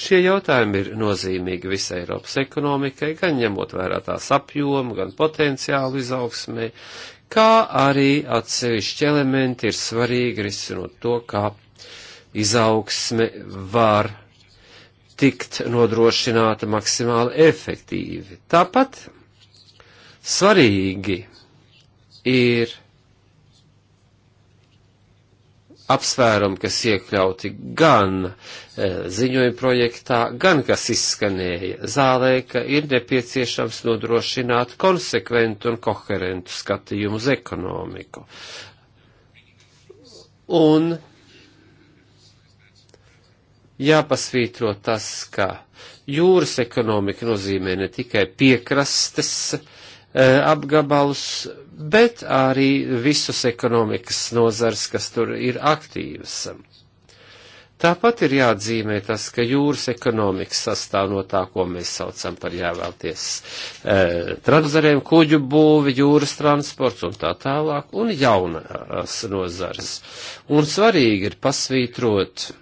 Šie jautājumi ir nozīmīgi visai Eiropas ekonomikai, gan ņemot vērā tās apjomu, gan potenciālu izaugsmē, kā arī atsevišķi elementi ir svarīgi risinot to, kā izaugsme var tikt nodrošināta maksimāli efektīvi. Tāpat svarīgi ir apsvērumi, kas iekļauti gan e, ziņojuma projektā, gan kas izskanēja zālē, ka ir nepieciešams nodrošināt konsekventu un koherentu skatījumu uz ekonomiku. Un jāpasvītro tas, ka jūras ekonomika nozīmē ne tikai piekrastes e, apgabalus, bet arī visus ekonomikas nozars, kas tur ir aktīvas. Tāpat ir jāatzīmē tas, ka jūras ekonomikas sastāv no tā, ko mēs saucam par jāvēlties e, tranzariem, kuģu būvi, jūras transports un tā tālāk, un jaunās nozars. Un svarīgi ir pasvītrot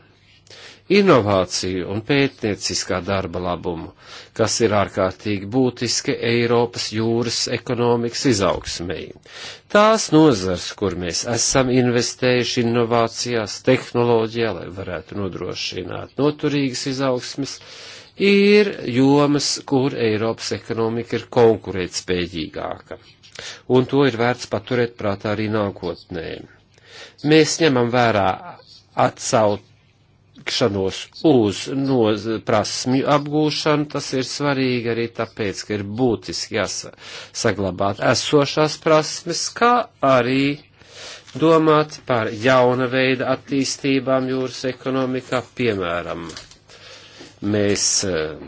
inovāciju un pētnieciskā darba labumu, kas ir ārkārtīgi būtiski Eiropas jūras ekonomikas izaugsmēji. Tās nozars, kur mēs esam investējuši inovācijās, tehnoloģijā, lai varētu nodrošināt noturīgas izaugsmes, ir jomas, kur Eiropas ekonomika ir konkurētspējīgāka. Un to ir vērts paturēt prātā arī nākotnē. Mēs ņemam vērā atsaut attiekšanos uz no prasmju apgūšanu, tas ir svarīgi arī tāpēc, ka ir būtiski jāsaglabāt esošās prasmes, kā arī domāt par jauna veida attīstībām jūras ekonomikā, piemēram, mēs eh,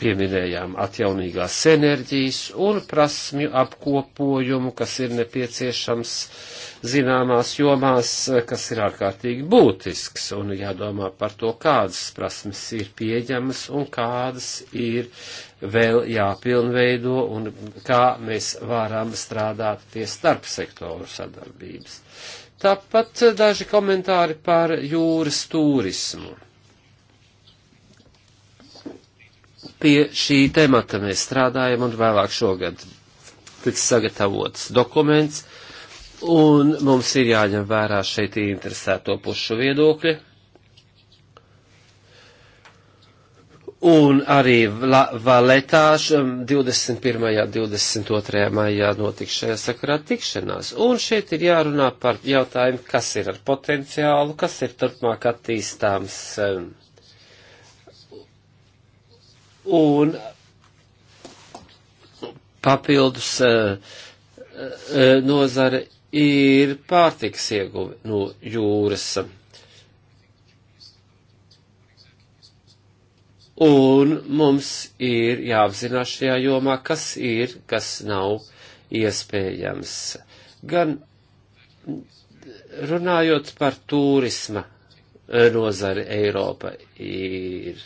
pieminējām atjaunīgās enerģijas un prasmju apkopojumu, kas ir nepieciešams uh, zināmās jomās, eh, kas ir ārkārtīgi būtisks, un jādomā par to, kādas prasmes ir pieņemas un kādas ir vēl jāpilnveido un kā mēs varam strādāt pie starpsektoru sadarbības. Tāpat daži komentāri par jūras turismu. Pie šī temata mēs strādājam un vēlāk šogad tiks sagatavots dokuments, Un mums ir jāņem vērā šeit interesēto pušu viedokļi. Un arī Valetāš 21. un 22. maijā notiks šajā sakarā tikšanās. Un šeit ir jārunā par jautājumu, kas ir ar potenciālu, kas ir turpmāk attīstāms. Un papildus eh, eh, nozare ir pārtiks ieguvi no jūras. Un mums ir jāapzinās šajā jomā, kas ir, kas nav iespējams. Gan runājot par turisma nozari Eiropa ir.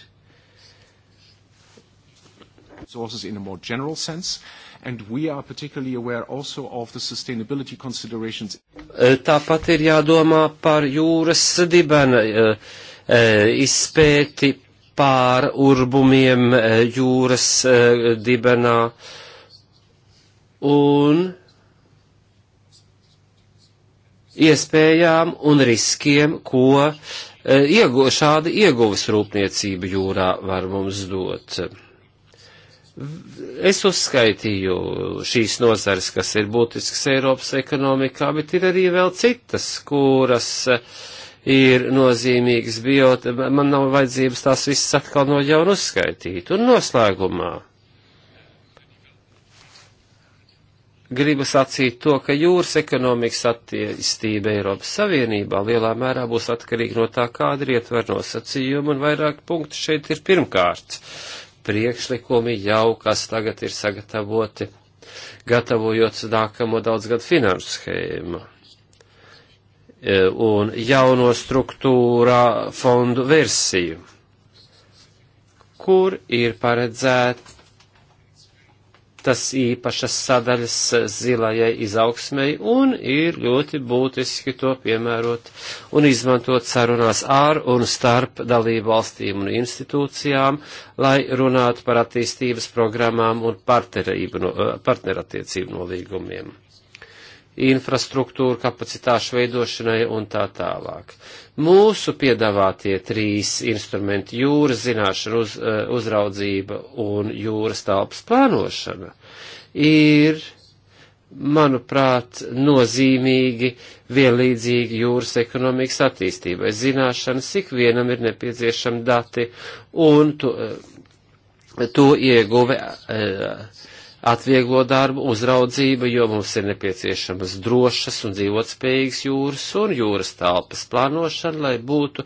Sources in a more general sense. Uh, and we are particularly aware also of the sustainability considerations. Eh, tāpat ir jādomā par jūras dibena eh, eh, izpēti pār urbumiem jūras dibenā un iespējām un riskiem, ko iegu, šāda ieguves rūpniecība jūrā var mums dot. Es uzskaitīju šīs nozares, kas ir būtiskas Eiropas ekonomikā, bet ir arī vēl citas, kuras eh, ir nozīmīgas bijot. Man nav vajadzības tās visas atkal no jauna uzskaitīt. Un noslēgumā gribu sacīt to, ka jūras ekonomikas attīstība Eiropas Savienībā lielā mērā būs atkarīga no tā, kāda ir ietver nosacījuma, un vairāk punktu šeit ir pirmkārt priekšlikumi jau, kas tagad ir sagatavoti, gatavojot nākamo daudzgadu finanšu schēmu e, un jauno struktūrā fondu versiju, kur ir paredzēta tas īpašas sadaļas zilajai izaugsmei un ir ļoti būtiski to piemērot un izmantot sarunās ar un starp dalību valstīm un institūcijām, lai runātu par attīstības programmām un eh, partnerattiecību nolīgumiem infrastruktūru kapacitāšu veidošanai un tā tālāk. Mūsu piedāvātie trīs instrumenti - jūras zināšana, uz, eh, uzraudzība un jūras telpas plānošana - ir, manuprāt, nozīmīgi vienlīdzīgi jūras ekonomikas attīstībai. Zināšanas ikvienam ir nepieciešami dati un to, eh, to ieguve. Uh, atvieglo darbu uzraudzība, jo mums ir nepieciešamas drošas un dzīvotspējīgas jūras un jūras telpas plānošana, lai būtu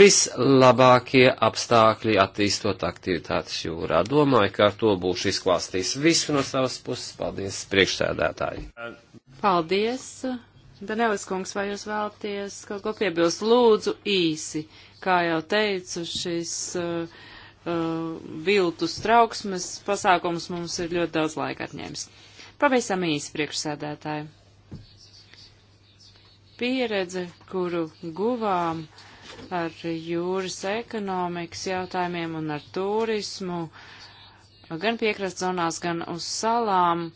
vislabākie apstākļi attīstot aktivitātes jūrā. Domāju, ka ar to būšu izklāstījis visu no savas puses. Paldies, priekšsēdētāji! Paldies! Danelis kungs, vai jūs vēlaties kaut ko piebilst? Lūdzu, īsi, kā jau teicu, šis uh, Eh, viltus trauksmes pasākums mums ir ļoti daudz laika atņēmis. Pavisam īsi priekšsēdētāji. Pieredze, kuru guvām ar jūras ekonomikas jautājumiem un ar turismu, gan piekrast zonās, gan uz salām,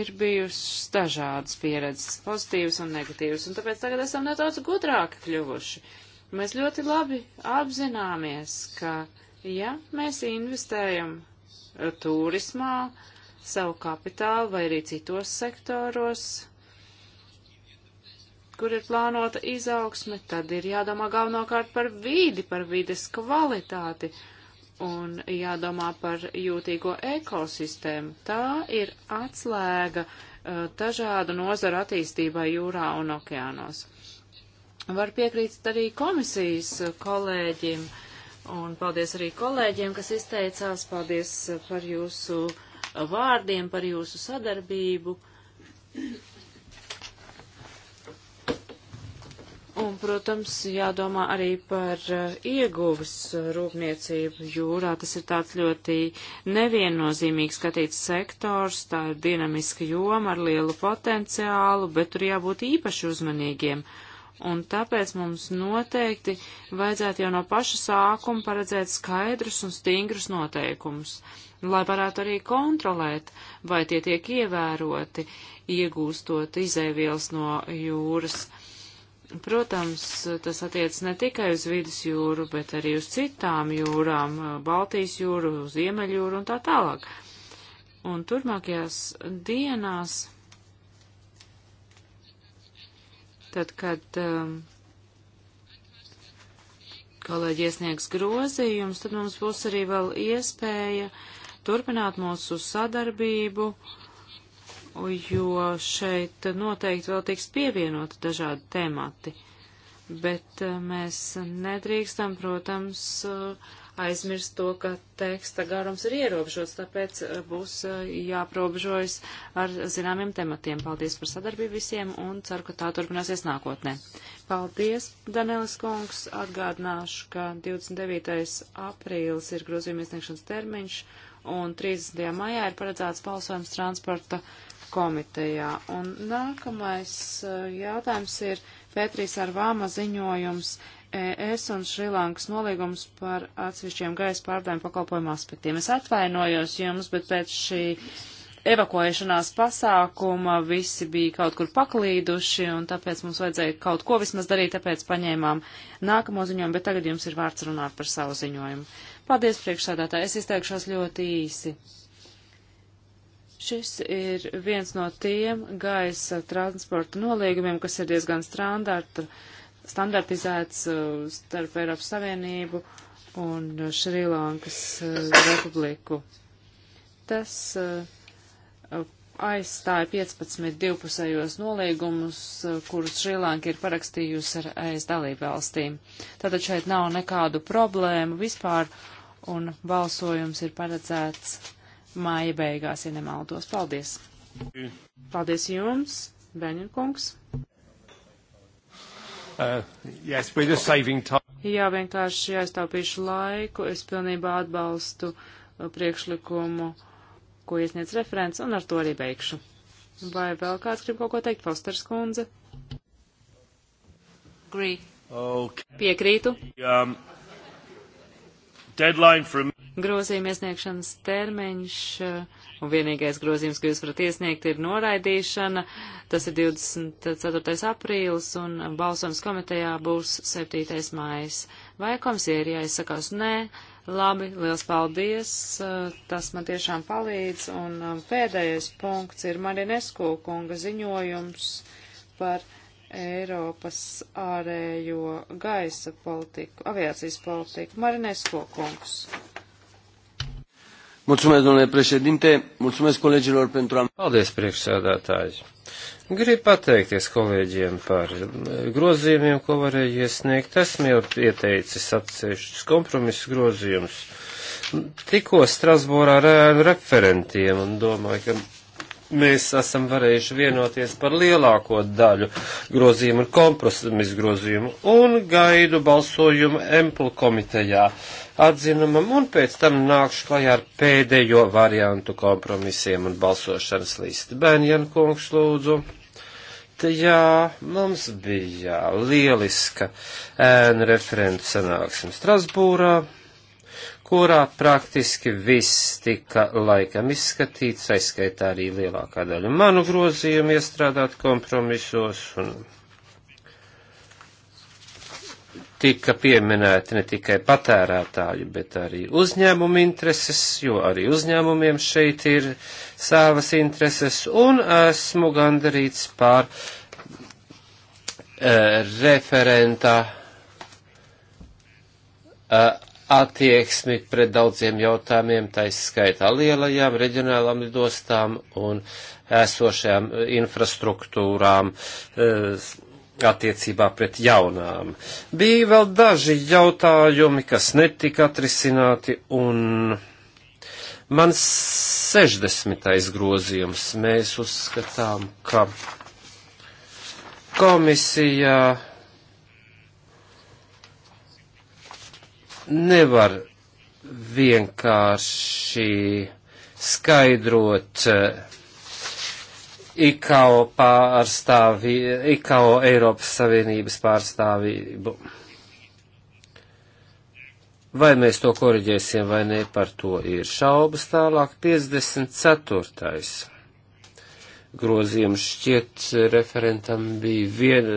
ir bijušas dažādas pieredzes, pozitīvas un negatīvas, un tāpēc tagad esam nedaudz gudrāki kļuvuši. Mēs ļoti labi apzināmies, ka uh, Ja mēs investējam eh, turismā savu kapitālu vai arī citos sektoros, kur ir plānota izaugsme, tad ir jādomā galvenokārt par vīdi, par vides kvalitāti un jādomā par jūtīgo ekosistēmu. Tā ir atslēga uh, dažādu nozaru attīstībai jūrā un okeānos. Var piekrīt arī komisijas eh, kolēģim, uh, Un paldies arī kolēģiem, kas izteicās. Paldies par jūsu vārdiem, par jūsu sadarbību. Un, protams, jādomā arī par eh, ieguvas rūpniecību jūrā. Tas ir tāds ļoti neviennozīmīgs skatīts sektors, tā ir dinamiska joma ar lielu potenciālu, bet tur jābūt īpaši uzmanīgiem. Uh, Un tāpēc mums noteikti vajadzētu jau no paša sākuma paredzēt skaidrus un stingrus noteikumus, lai varētu arī kontrolēt, vai tie tiek ievēroti, iegūstot izēvielas no jūras. Protams, tas attiec ne tikai uz vidus jūru, bet arī uz citām jūrām - Baltijas jūru, Ziemeļjūru un tā tālāk. Un turmākajās dienās Tad, kad um, kolēģi iesniegs grozījums, tad mums būs arī vēl iespēja turpināt mūsu sadarbību, jo šeit noteikti vēl tiks pievienoti dažādi temati. Bet uh, mēs nedrīkstam, protams, uh, aizmirst to, ka teksta garums ir ierobežots, tāpēc eh, būs eh, jāprobežojas ar zināmiem tematiem. Paldies par sadarbību visiem un ceru, ka tā turpināsies nākotnē. Paldies, Danelis Kungs. Atgādināšu, ka 29. aprīlis ir grozījuma iesniegšanas termiņš un 30. maijā ir paredzēts balsojums transporta komitejā. Un nākamais eh, jautājums ir Pētrīs Arvāma ziņojums ES un Šrilankas nolīgums par atsevišķiem gaisa pārdēm pakalpojumu aspektiem. Es atvainojos jums, bet pēc šī evakuēšanās pasākuma visi bija kaut kur paklīduši, un tāpēc mums vajadzēja kaut ko vismaz darīt, tāpēc paņēmām nākamo ziņojumu, bet tagad jums ir vārds runāt par savu ziņojumu. Paldies, priekšsādātāji, es izteikšos ļoti īsi. Šis ir viens no tiem gaisa transporta nolīgumiem, kas ir diezgan standarta. Uh, standartizēts uh, starp Eiropas Savienību un Šrilankas uh, republiku. Tas uh, aizstāja 15 divpusējos nolīgumus, kurus Šrilanka ir parakstījusi ar ES dalību valstīm. Tātad šeit nav nekādu problēmu vispār, un balsojums ir paredzēts māja beigās, ja nemaldos. Paldies! Paldies jums, Beņinkungs! Uh, yes, we're just saving time. Jā, vienkārši aiztaupīšu laiku. Es pilnībā atbalstu uh, priekšlikumu, ko iesniedz referents, un ar to arī beigšu. Vai vēl kāds grib kaut ko teikt, Fosters kundze? Agree. Okay. Piekrītu. Um, deadline from grozījuma iesniegšanas termiņš, eh, un vienīgais grozījums, ko jūs varat iesniegt, ir noraidīšana. Tas ir 24. aprīlis, un balsojums komitejā būs 7. mājas. Vai komisija ir jāizsakās? Nē. Labi, liels paldies. Eh, tas man tiešām palīdz. Un eh, pēdējais punkts ir Marinesko kunga ziņojums par Eiropas ārējo gaisa politiku, aviācijas politiku. Marinesko kungs. Mulțumesc, domnule președinte, mulțumesc colegilor pentru am... Paldies, priekšsēdētāji. Gribu pateikties kolēģiem par grozījumiem, ko varēju iesniegt. Esmu jau ieteicis atsevišķus kompromisu grozījumus. Tikko Strasbūrā ar ēnu referentiem un domāju, ka mēs esam varējuši vienoties par lielāko daļu grozījumu un kompromisu grozījumu un gaidu balsojumu Emplu komitejā atzinumam, un pēc tam nākšu klajā ar pēdējo variantu kompromisiem un balsošanas listi. Benjan kungs, lūdzu. Te, jā, mums bija lieliska ēnu referentu sanāksme Strasbūrā kurā praktiski viss tika laikam izskatīts, aizskaitā arī lielākā daļa manu grozījumu iestrādāt kompromisos, un tika pieminēti ne tikai patērētāju, bet arī uzņēmumu intereses, jo arī uzņēmumiem šeit ir savas intereses, un esmu gandarīts pār uh, eh, referenta uh, attieksmi pret daudziem jautājumiem, taisa skaitā lielajām reģionālām lidostām un esošajām infrastruktūrām, eh, attiecībā pret jaunām. Bija vēl daži jautājumi, kas netika atrisināti, un mans 60. grozījums mēs uzskatām, ka komisijā nevar vienkārši skaidrot uh, IKO pārstāvi, IKO Eiropas Savienības pārstāvību. Vai mēs to koriģēsim vai nē, par to ir šaubas tālāk. 54. grozījums šķiet referentam bija viena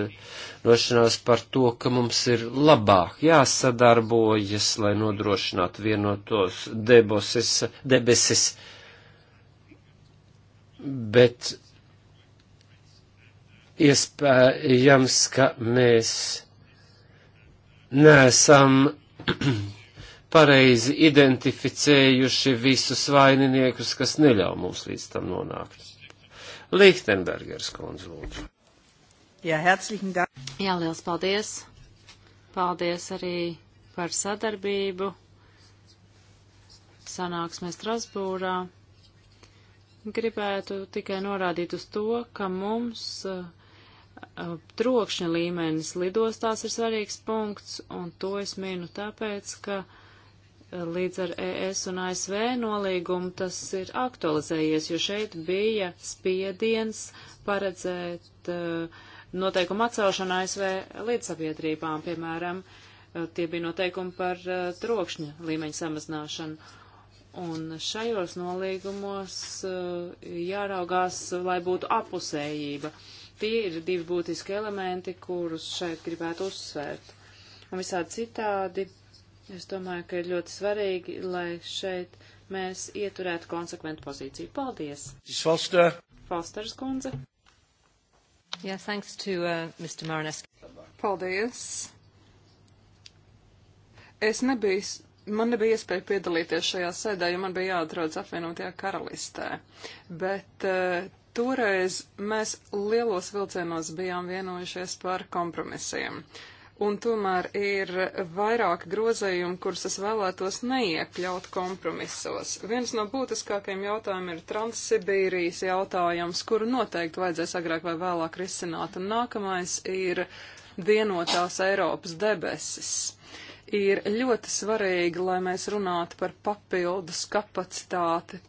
nošanās par to, ka mums ir labāk jāsadarbojas, lai nodrošinātu vienotos deboses, debesis. Bet iespējams, ka mēs nesam [CLEARS THROAT] pareizi identificējuši visus vaininiekus, kas neļauj mums līdz tam nonākt. Lichtenbergers kundze, lūdzu. Jā, herzlichen dank. Jā, liels paldies. Paldies arī par sadarbību. Sanāksmē Strasbūrā. Gribētu tikai norādīt uz to, ka mums Uh, trokšņa līmenis lidostās ir svarīgs punkts, un to es minu tāpēc, ka uh, līdz ar ES un ASV nolīgumu tas ir aktualizējies, jo šeit bija spiediens paredzēt uh, noteikumu atcelšanu ASV līdzsabiedrībām, piemēram, uh, tie bija noteikumi par uh, trokšņa līmeņa samazināšanu. Un šajos nolīgumos uh, jāraugās, lai būtu apusējība tie ir divi būtiski elementi, kurus šeit gribētu uzsvērt. Un visādi citādi, es domāju, ka ir ļoti svarīgi, lai šeit mēs ieturētu konsekventu pozīciju. Paldies! Foster. Fosters kundze. Yeah, thanks to uh, Mr. Marineski. Paldies. Es nebiju, man nebija iespēja piedalīties šajā sēdē, jo man bija jāatrodas apvienotajā karalistē. Bet uh, Toreiz mēs lielos vilcienos bijām vienojušies par kompromisiem. Un tomēr ir vairāk grozējumu, kurus es vēlētos neiekļaut kompromisos. Viens no būtiskākajiem jautājumiem ir Transsibīrijas jautājums, kuru noteikti vajadzēs agrāk vai vēlāk risināt. Un nākamais ir vienotās Eiropas debesis ir ļoti svarīgi, lai mēs runātu par papildus kapacitāti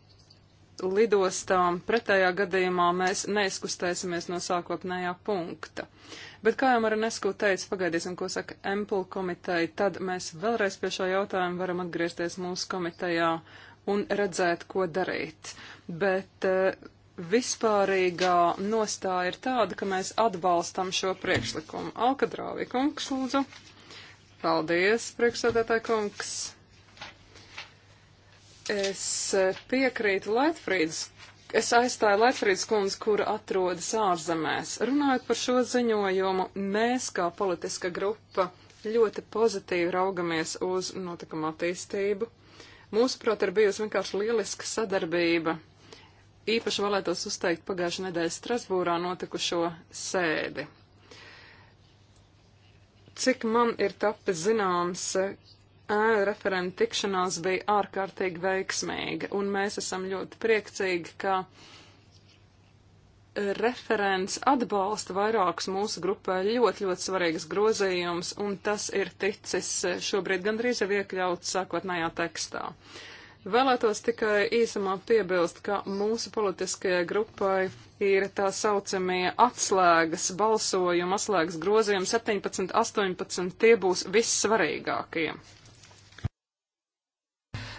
lidostām, pretējā gadījumā mēs neizkustēsimies no sākotnējā punkta. Bet kā jau Marinesku teica, pagaidīsim, ko saka Empul komiteja, tad mēs vēlreiz pie šā jautājuma varam atgriezties mūsu komitejā un redzēt, ko darīt. Bet eh, vispārīgā nostāja ir tāda, ka mēs atbalstam šo priekšlikumu. Alkadrāvi kungs, lūdzu. Paldies, priekšsēdētāji kungs. Es eh, piekrītu Latvijas. Es aizstāju Latvijas kundzi, kura atrodas ārzemēs. Runājot par šo ziņojumu, mēs kā politiska grupa ļoti pozitīvi raugamies uz notikuma attīstību. Mūsuprāt, ir bijusi vienkārši lieliska sadarbība. Īpaši vēlētos uzteikt pagājušā nedēļa Strasbūrā notikušo sēdi. Cik man ir tapis zināms, ēnu referentu tikšanās bija ārkārtīgi veiksmīga, un mēs esam ļoti priecīgi, ka referents atbalsta vairākus mūsu grupē ļoti, ļoti svarīgus grozījumus, un tas ir ticis šobrīd gandrīz jau iekļauts sākotnējā tekstā. Vēlētos tikai īsumā piebilst, ka mūsu politiskajai grupai ir tā saucamie atslēgas balsojuma, atslēgas grozījumi 17, 18, tie būs vissvarīgākie.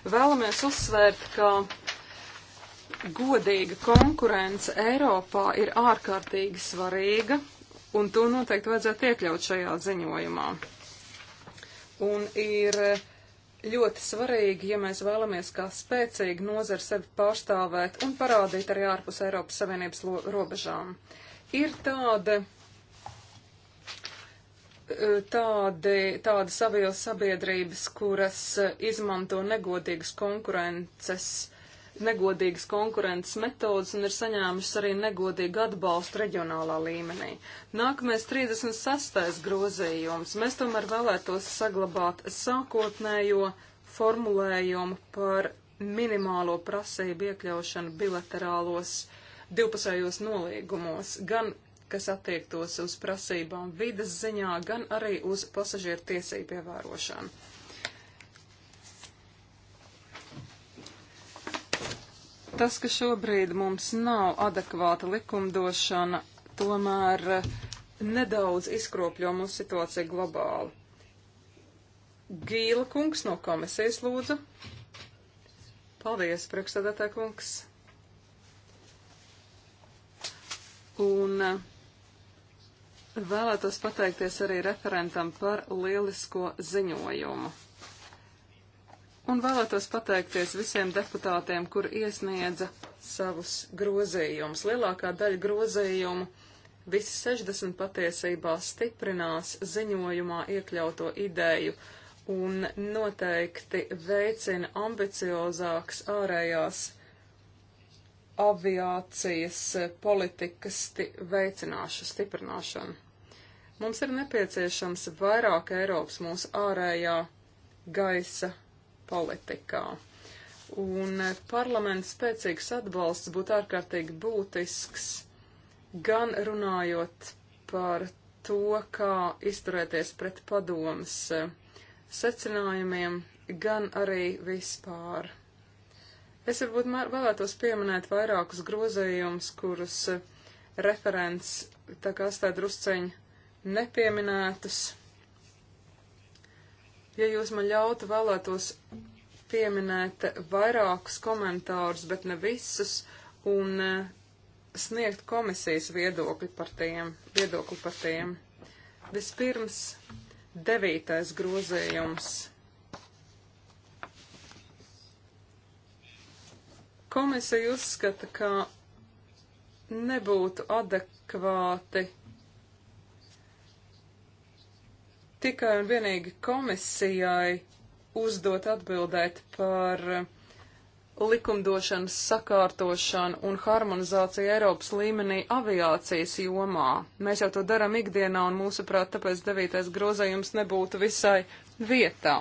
Vēlamies uzsvērt, ka godīga konkurence Eiropā ir ārkārtīgi svarīga, un to noteikti vajadzētu iekļaut šajā ziņojumā. Un ir ļoti svarīgi, ja mēs vēlamies kā spēcīgi nozari sevi pārstāvēt un parādīt arī ārpus Eiropas Savienības robežām. Ir tāda tādi, tādas avio sabiedrības, kuras eh, izmanto negodīgas konkurences, negodīgas konkurences metodas un ir saņēmušas arī negodīgu atbalstu reģionālā līmenī. Nākamais 36. grozījums. Mēs tomēr vēlētos saglabāt sākotnējo formulējumu par minimālo prasību iekļaušanu bilaterālos divpusējos nolīgumos, gan kas attiektos uz prasībām vidas ziņā, gan arī uz pasažieru tiesību ievērošanu. Tas, ka šobrīd mums nav adekvāta likumdošana, tomēr eh, nedaudz izkropļo mūsu situāciju globāli. Gīla kungs no komisijas lūdzu. Paldies, priekšstādātā kungs. Un eh, Vēlētos pateikties arī referentam par lielisko ziņojumu. Un vēlētos pateikties visiem deputātiem, kur iesniedza savus grozījumus. Lielākā daļa grozījumu, visi 60 patiesībā stiprinās ziņojumā iekļauto ideju un noteikti veicina ambiciozāks ārējās aviācijas eh, politikas sti veicināšanu, stiprināšanu. Mums ir nepieciešams vairāk Eiropas mūsu ārējā gaisa politikā. Un eh, parlaments spēcīgs atbalsts būtu ārkārtīgi būtisks, gan runājot par to, kā izturēties pret padomas eh, secinājumiem, gan arī vispār. Es varbūt vēlētos pieminēt vairākus grozējumus, kurus eh, referents tā kā stāv drusceņi nepieminētus. Ja jūs man ļautu, vēlētos pieminēt vairākus komentārus, bet ne visus, un eh, sniegt komisijas viedokli par tiem. Viedokli par tiem. Vispirms devītais grozējums Komisija uzskata, ka nebūtu adekvāti tikai un vienīgi komisijai uzdot atbildēt par likumdošanas sakārtošanu un harmonizāciju Eiropas līmenī aviācijas jomā. Mēs jau to darām ikdienā un mūsuprāt, tāpēc devītais grozējums nebūtu visai vietā.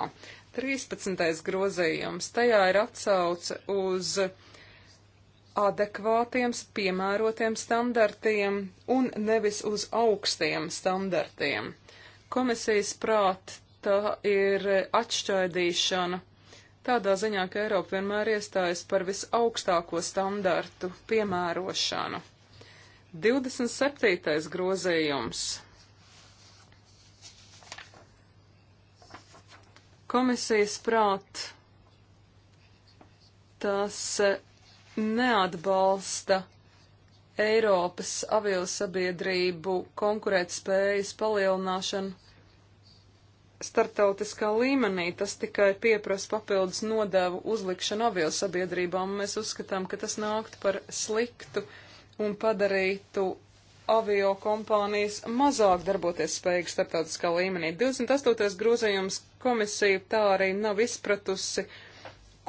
13. grozījums. Tajā ir atsauce uz adekvātiem, piemērotiem standartiem un nevis uz augstiem standartiem. Komisijas prāt tā ir atšķaidīšana tādā ziņā, ka Eiropa vienmēr iestājas par visaugstāko standartu piemērošanu. 27. grozījums. Komisijas prāt tas neatbalsta Eiropas aviosabiedrību konkurētspējas palielināšanu startautiskā līmenī. Tas tikai pieprasa papildus nodevu uzlikšanu aviosabiedrībām. Mēs uzskatām, ka tas nāktu par sliktu un padarītu avio kompānijas mazāk darboties spējīgi starptautiskā līmenī. 28. grozījums komisija tā arī nav izpratusi. Uh,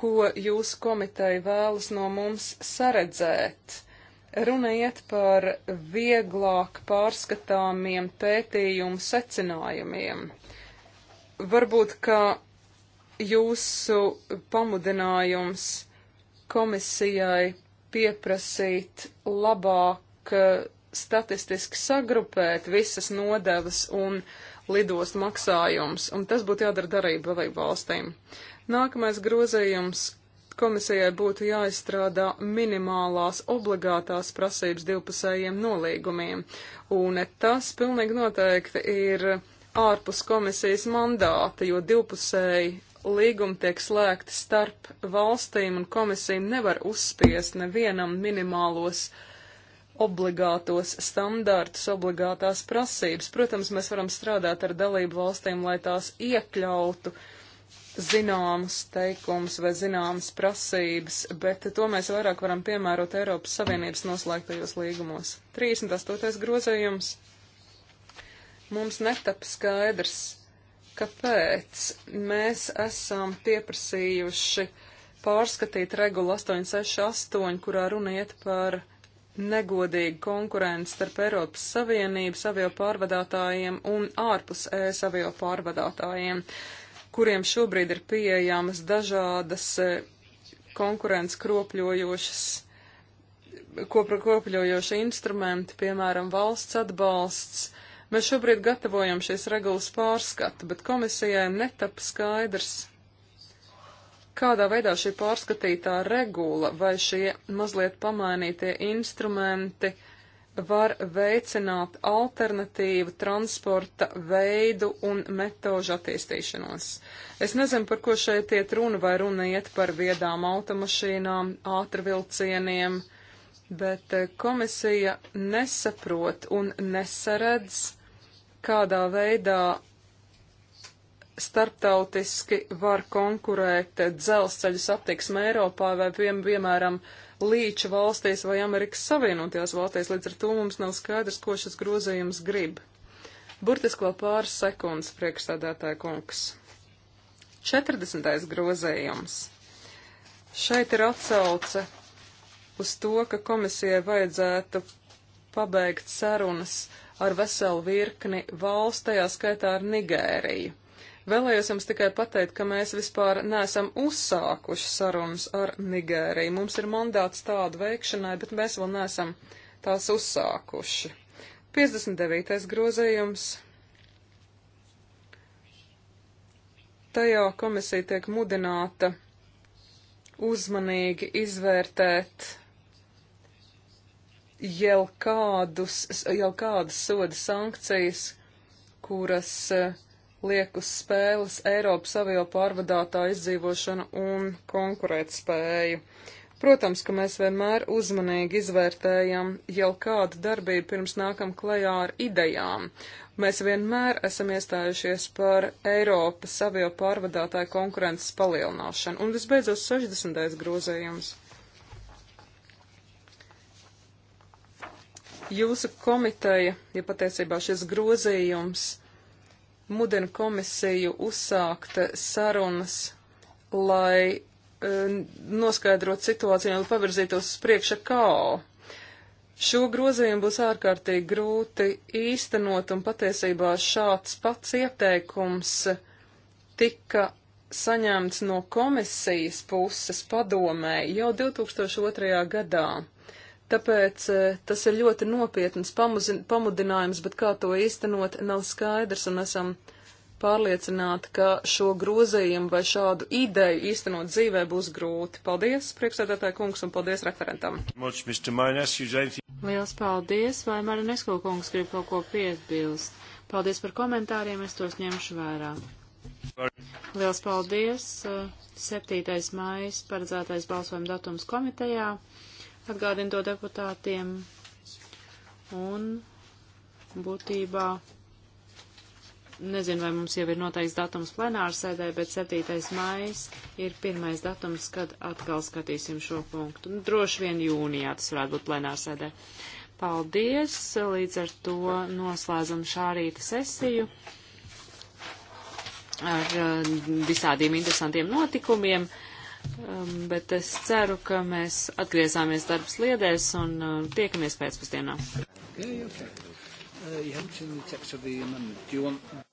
ko jūsu komiteja vēlas no mums saredzēt. Runa iet par vieglāk pārskatāmiem pētījumu secinājumiem. Varbūt, ka jūsu pamudinājums komisijai pieprasīt labāk eh, statistiski sagrupēt visas nodevas un lidostu maksājums, un tas būtu jādara darība vēl valstīm. Uh, Nākamais grozējums komisijai būtu jāizstrādā minimālās obligātās prasības divpusējiem nolīgumiem, un tas pilnīgi noteikti ir ārpus komisijas mandāta, jo divpusēji līgumi tiek slēgti starp valstīm, un komisija nevar uzspiest nevienam minimālos obligātos standārtus, obligātās prasības. Protams, mēs varam strādāt ar dalību valstīm, lai tās iekļautu uh, zināmas teikums vai zināmas prasības, bet to mēs vairāk varam piemērot Eiropas Savienības noslēgtajos līgumos. 38. grozējums. Mums netap skaidrs, kāpēc mēs esam pieprasījuši pārskatīt regulu 868, kurā runa iet par negodīgu konkurenci starp Eiropas Savienības avio pārvadātājiem un ārpus ES avio pārvadātājiem. Uh, kuriem šobrīd ir pieejamas dažādas e, konkurences kropļojošas, kropļojoši instrumenti, piemēram, valsts atbalsts. Mēs šobrīd gatavojam šīs regulas pārskatu, bet komisijai netapa skaidrs, kādā veidā šī pārskatītā regula vai šie mazliet pamainītie instrumenti uh, var veicināt alternatīvu transporta veidu un metožu attīstīšanos. Es nezinu, par ko šeit iet runa, vai runa iet par viedām automašīnām, ātrvilcieniem, bet eh, komisija nesaprot un nesaredz, kādā veidā starptautiski var konkurēt dzelzceļu satiksme Eiropā vai, piemēram, viem, līča valstīs vai Amerikas Savienotajās valstīs, līdz ar to mums nav skaidrs, ko šis grozījums grib. Burtiski vēl pāris sekundes priekšstādātāja kungs. 40. grozējums. Šeit ir atsauce uz to, ka komisijai vajadzētu pabeigt sarunas ar veselu virkni valsts, tajā skaitā ar Nigēriju. Vēlējos jums tikai pateikt, ka mēs vispār neesam uzsākuši sarunas ar Nigēriju. Mums ir mandāts tādu veikšanai, bet mēs vēl neesam tās uzsākuši. 59. grozējums. Tajā komisija tiek mudināta uzmanīgi izvērtēt jau, kādus, jau kādas soda sankcijas, kuras uh, liek uz spēles Eiropas avio pārvadātāju izdzīvošanu un konkurētspēju. Protams, ka mēs vienmēr uzmanīgi izvērtējam jau kādu darbību pirms nākam klajā ar idejām. Mēs vienmēr esam iestājušies par Eiropas avio pārvadātāju konkurences palielināšanu. Un visbeidzot 60. grozējums. Jūsu komiteja, ja patiesībā šis grozījums mudina komisiju uzsākt sarunas, lai e, noskaidrot situāciju un pavirzītos uz priekšu KO. Šo grozījumu būs ārkārtīgi grūti īstenot, un patiesībā šāds pats ieteikums tika saņemts no komisijas puses padomē jau 2002. gadā. Tāpēc eh, tas ir ļoti nopietns pamudinājums, bet kā to īstenot, nav skaidrs un esam pārliecināti, ka šo grozījumu vai šādu ideju īstenot dzīvē būs grūti. Paldies, priekšsēdētāji kungs, un paldies referentam. Liels paldies, vai Marinesko kungs grib kaut ko piebilst? Paldies par komentāriem, es tos ņemšu vērā. Liels paldies! 7. maijas paredzētais balsojuma datums komitejā. Atgādinu to deputātiem. Un būtībā nezinu, vai mums jau ir noteikts datums plenāra sēdē, bet 7. maijs ir pirmais datums, kad atkal skatīsim šo punktu. Nu, droši vien jūnijā tas varētu būt plenāra sēdē. Paldies! Līdz ar to noslēdzam šā rīta sesiju ar eh, visādiem interesantiem notikumiem. Um, bet es ceru, ka mēs atgriezāmies darbas liedēs un uh, tiekamies pēcpusdienā. Okay, okay. Uh, you haven't seen the text of the amendment. Do you want?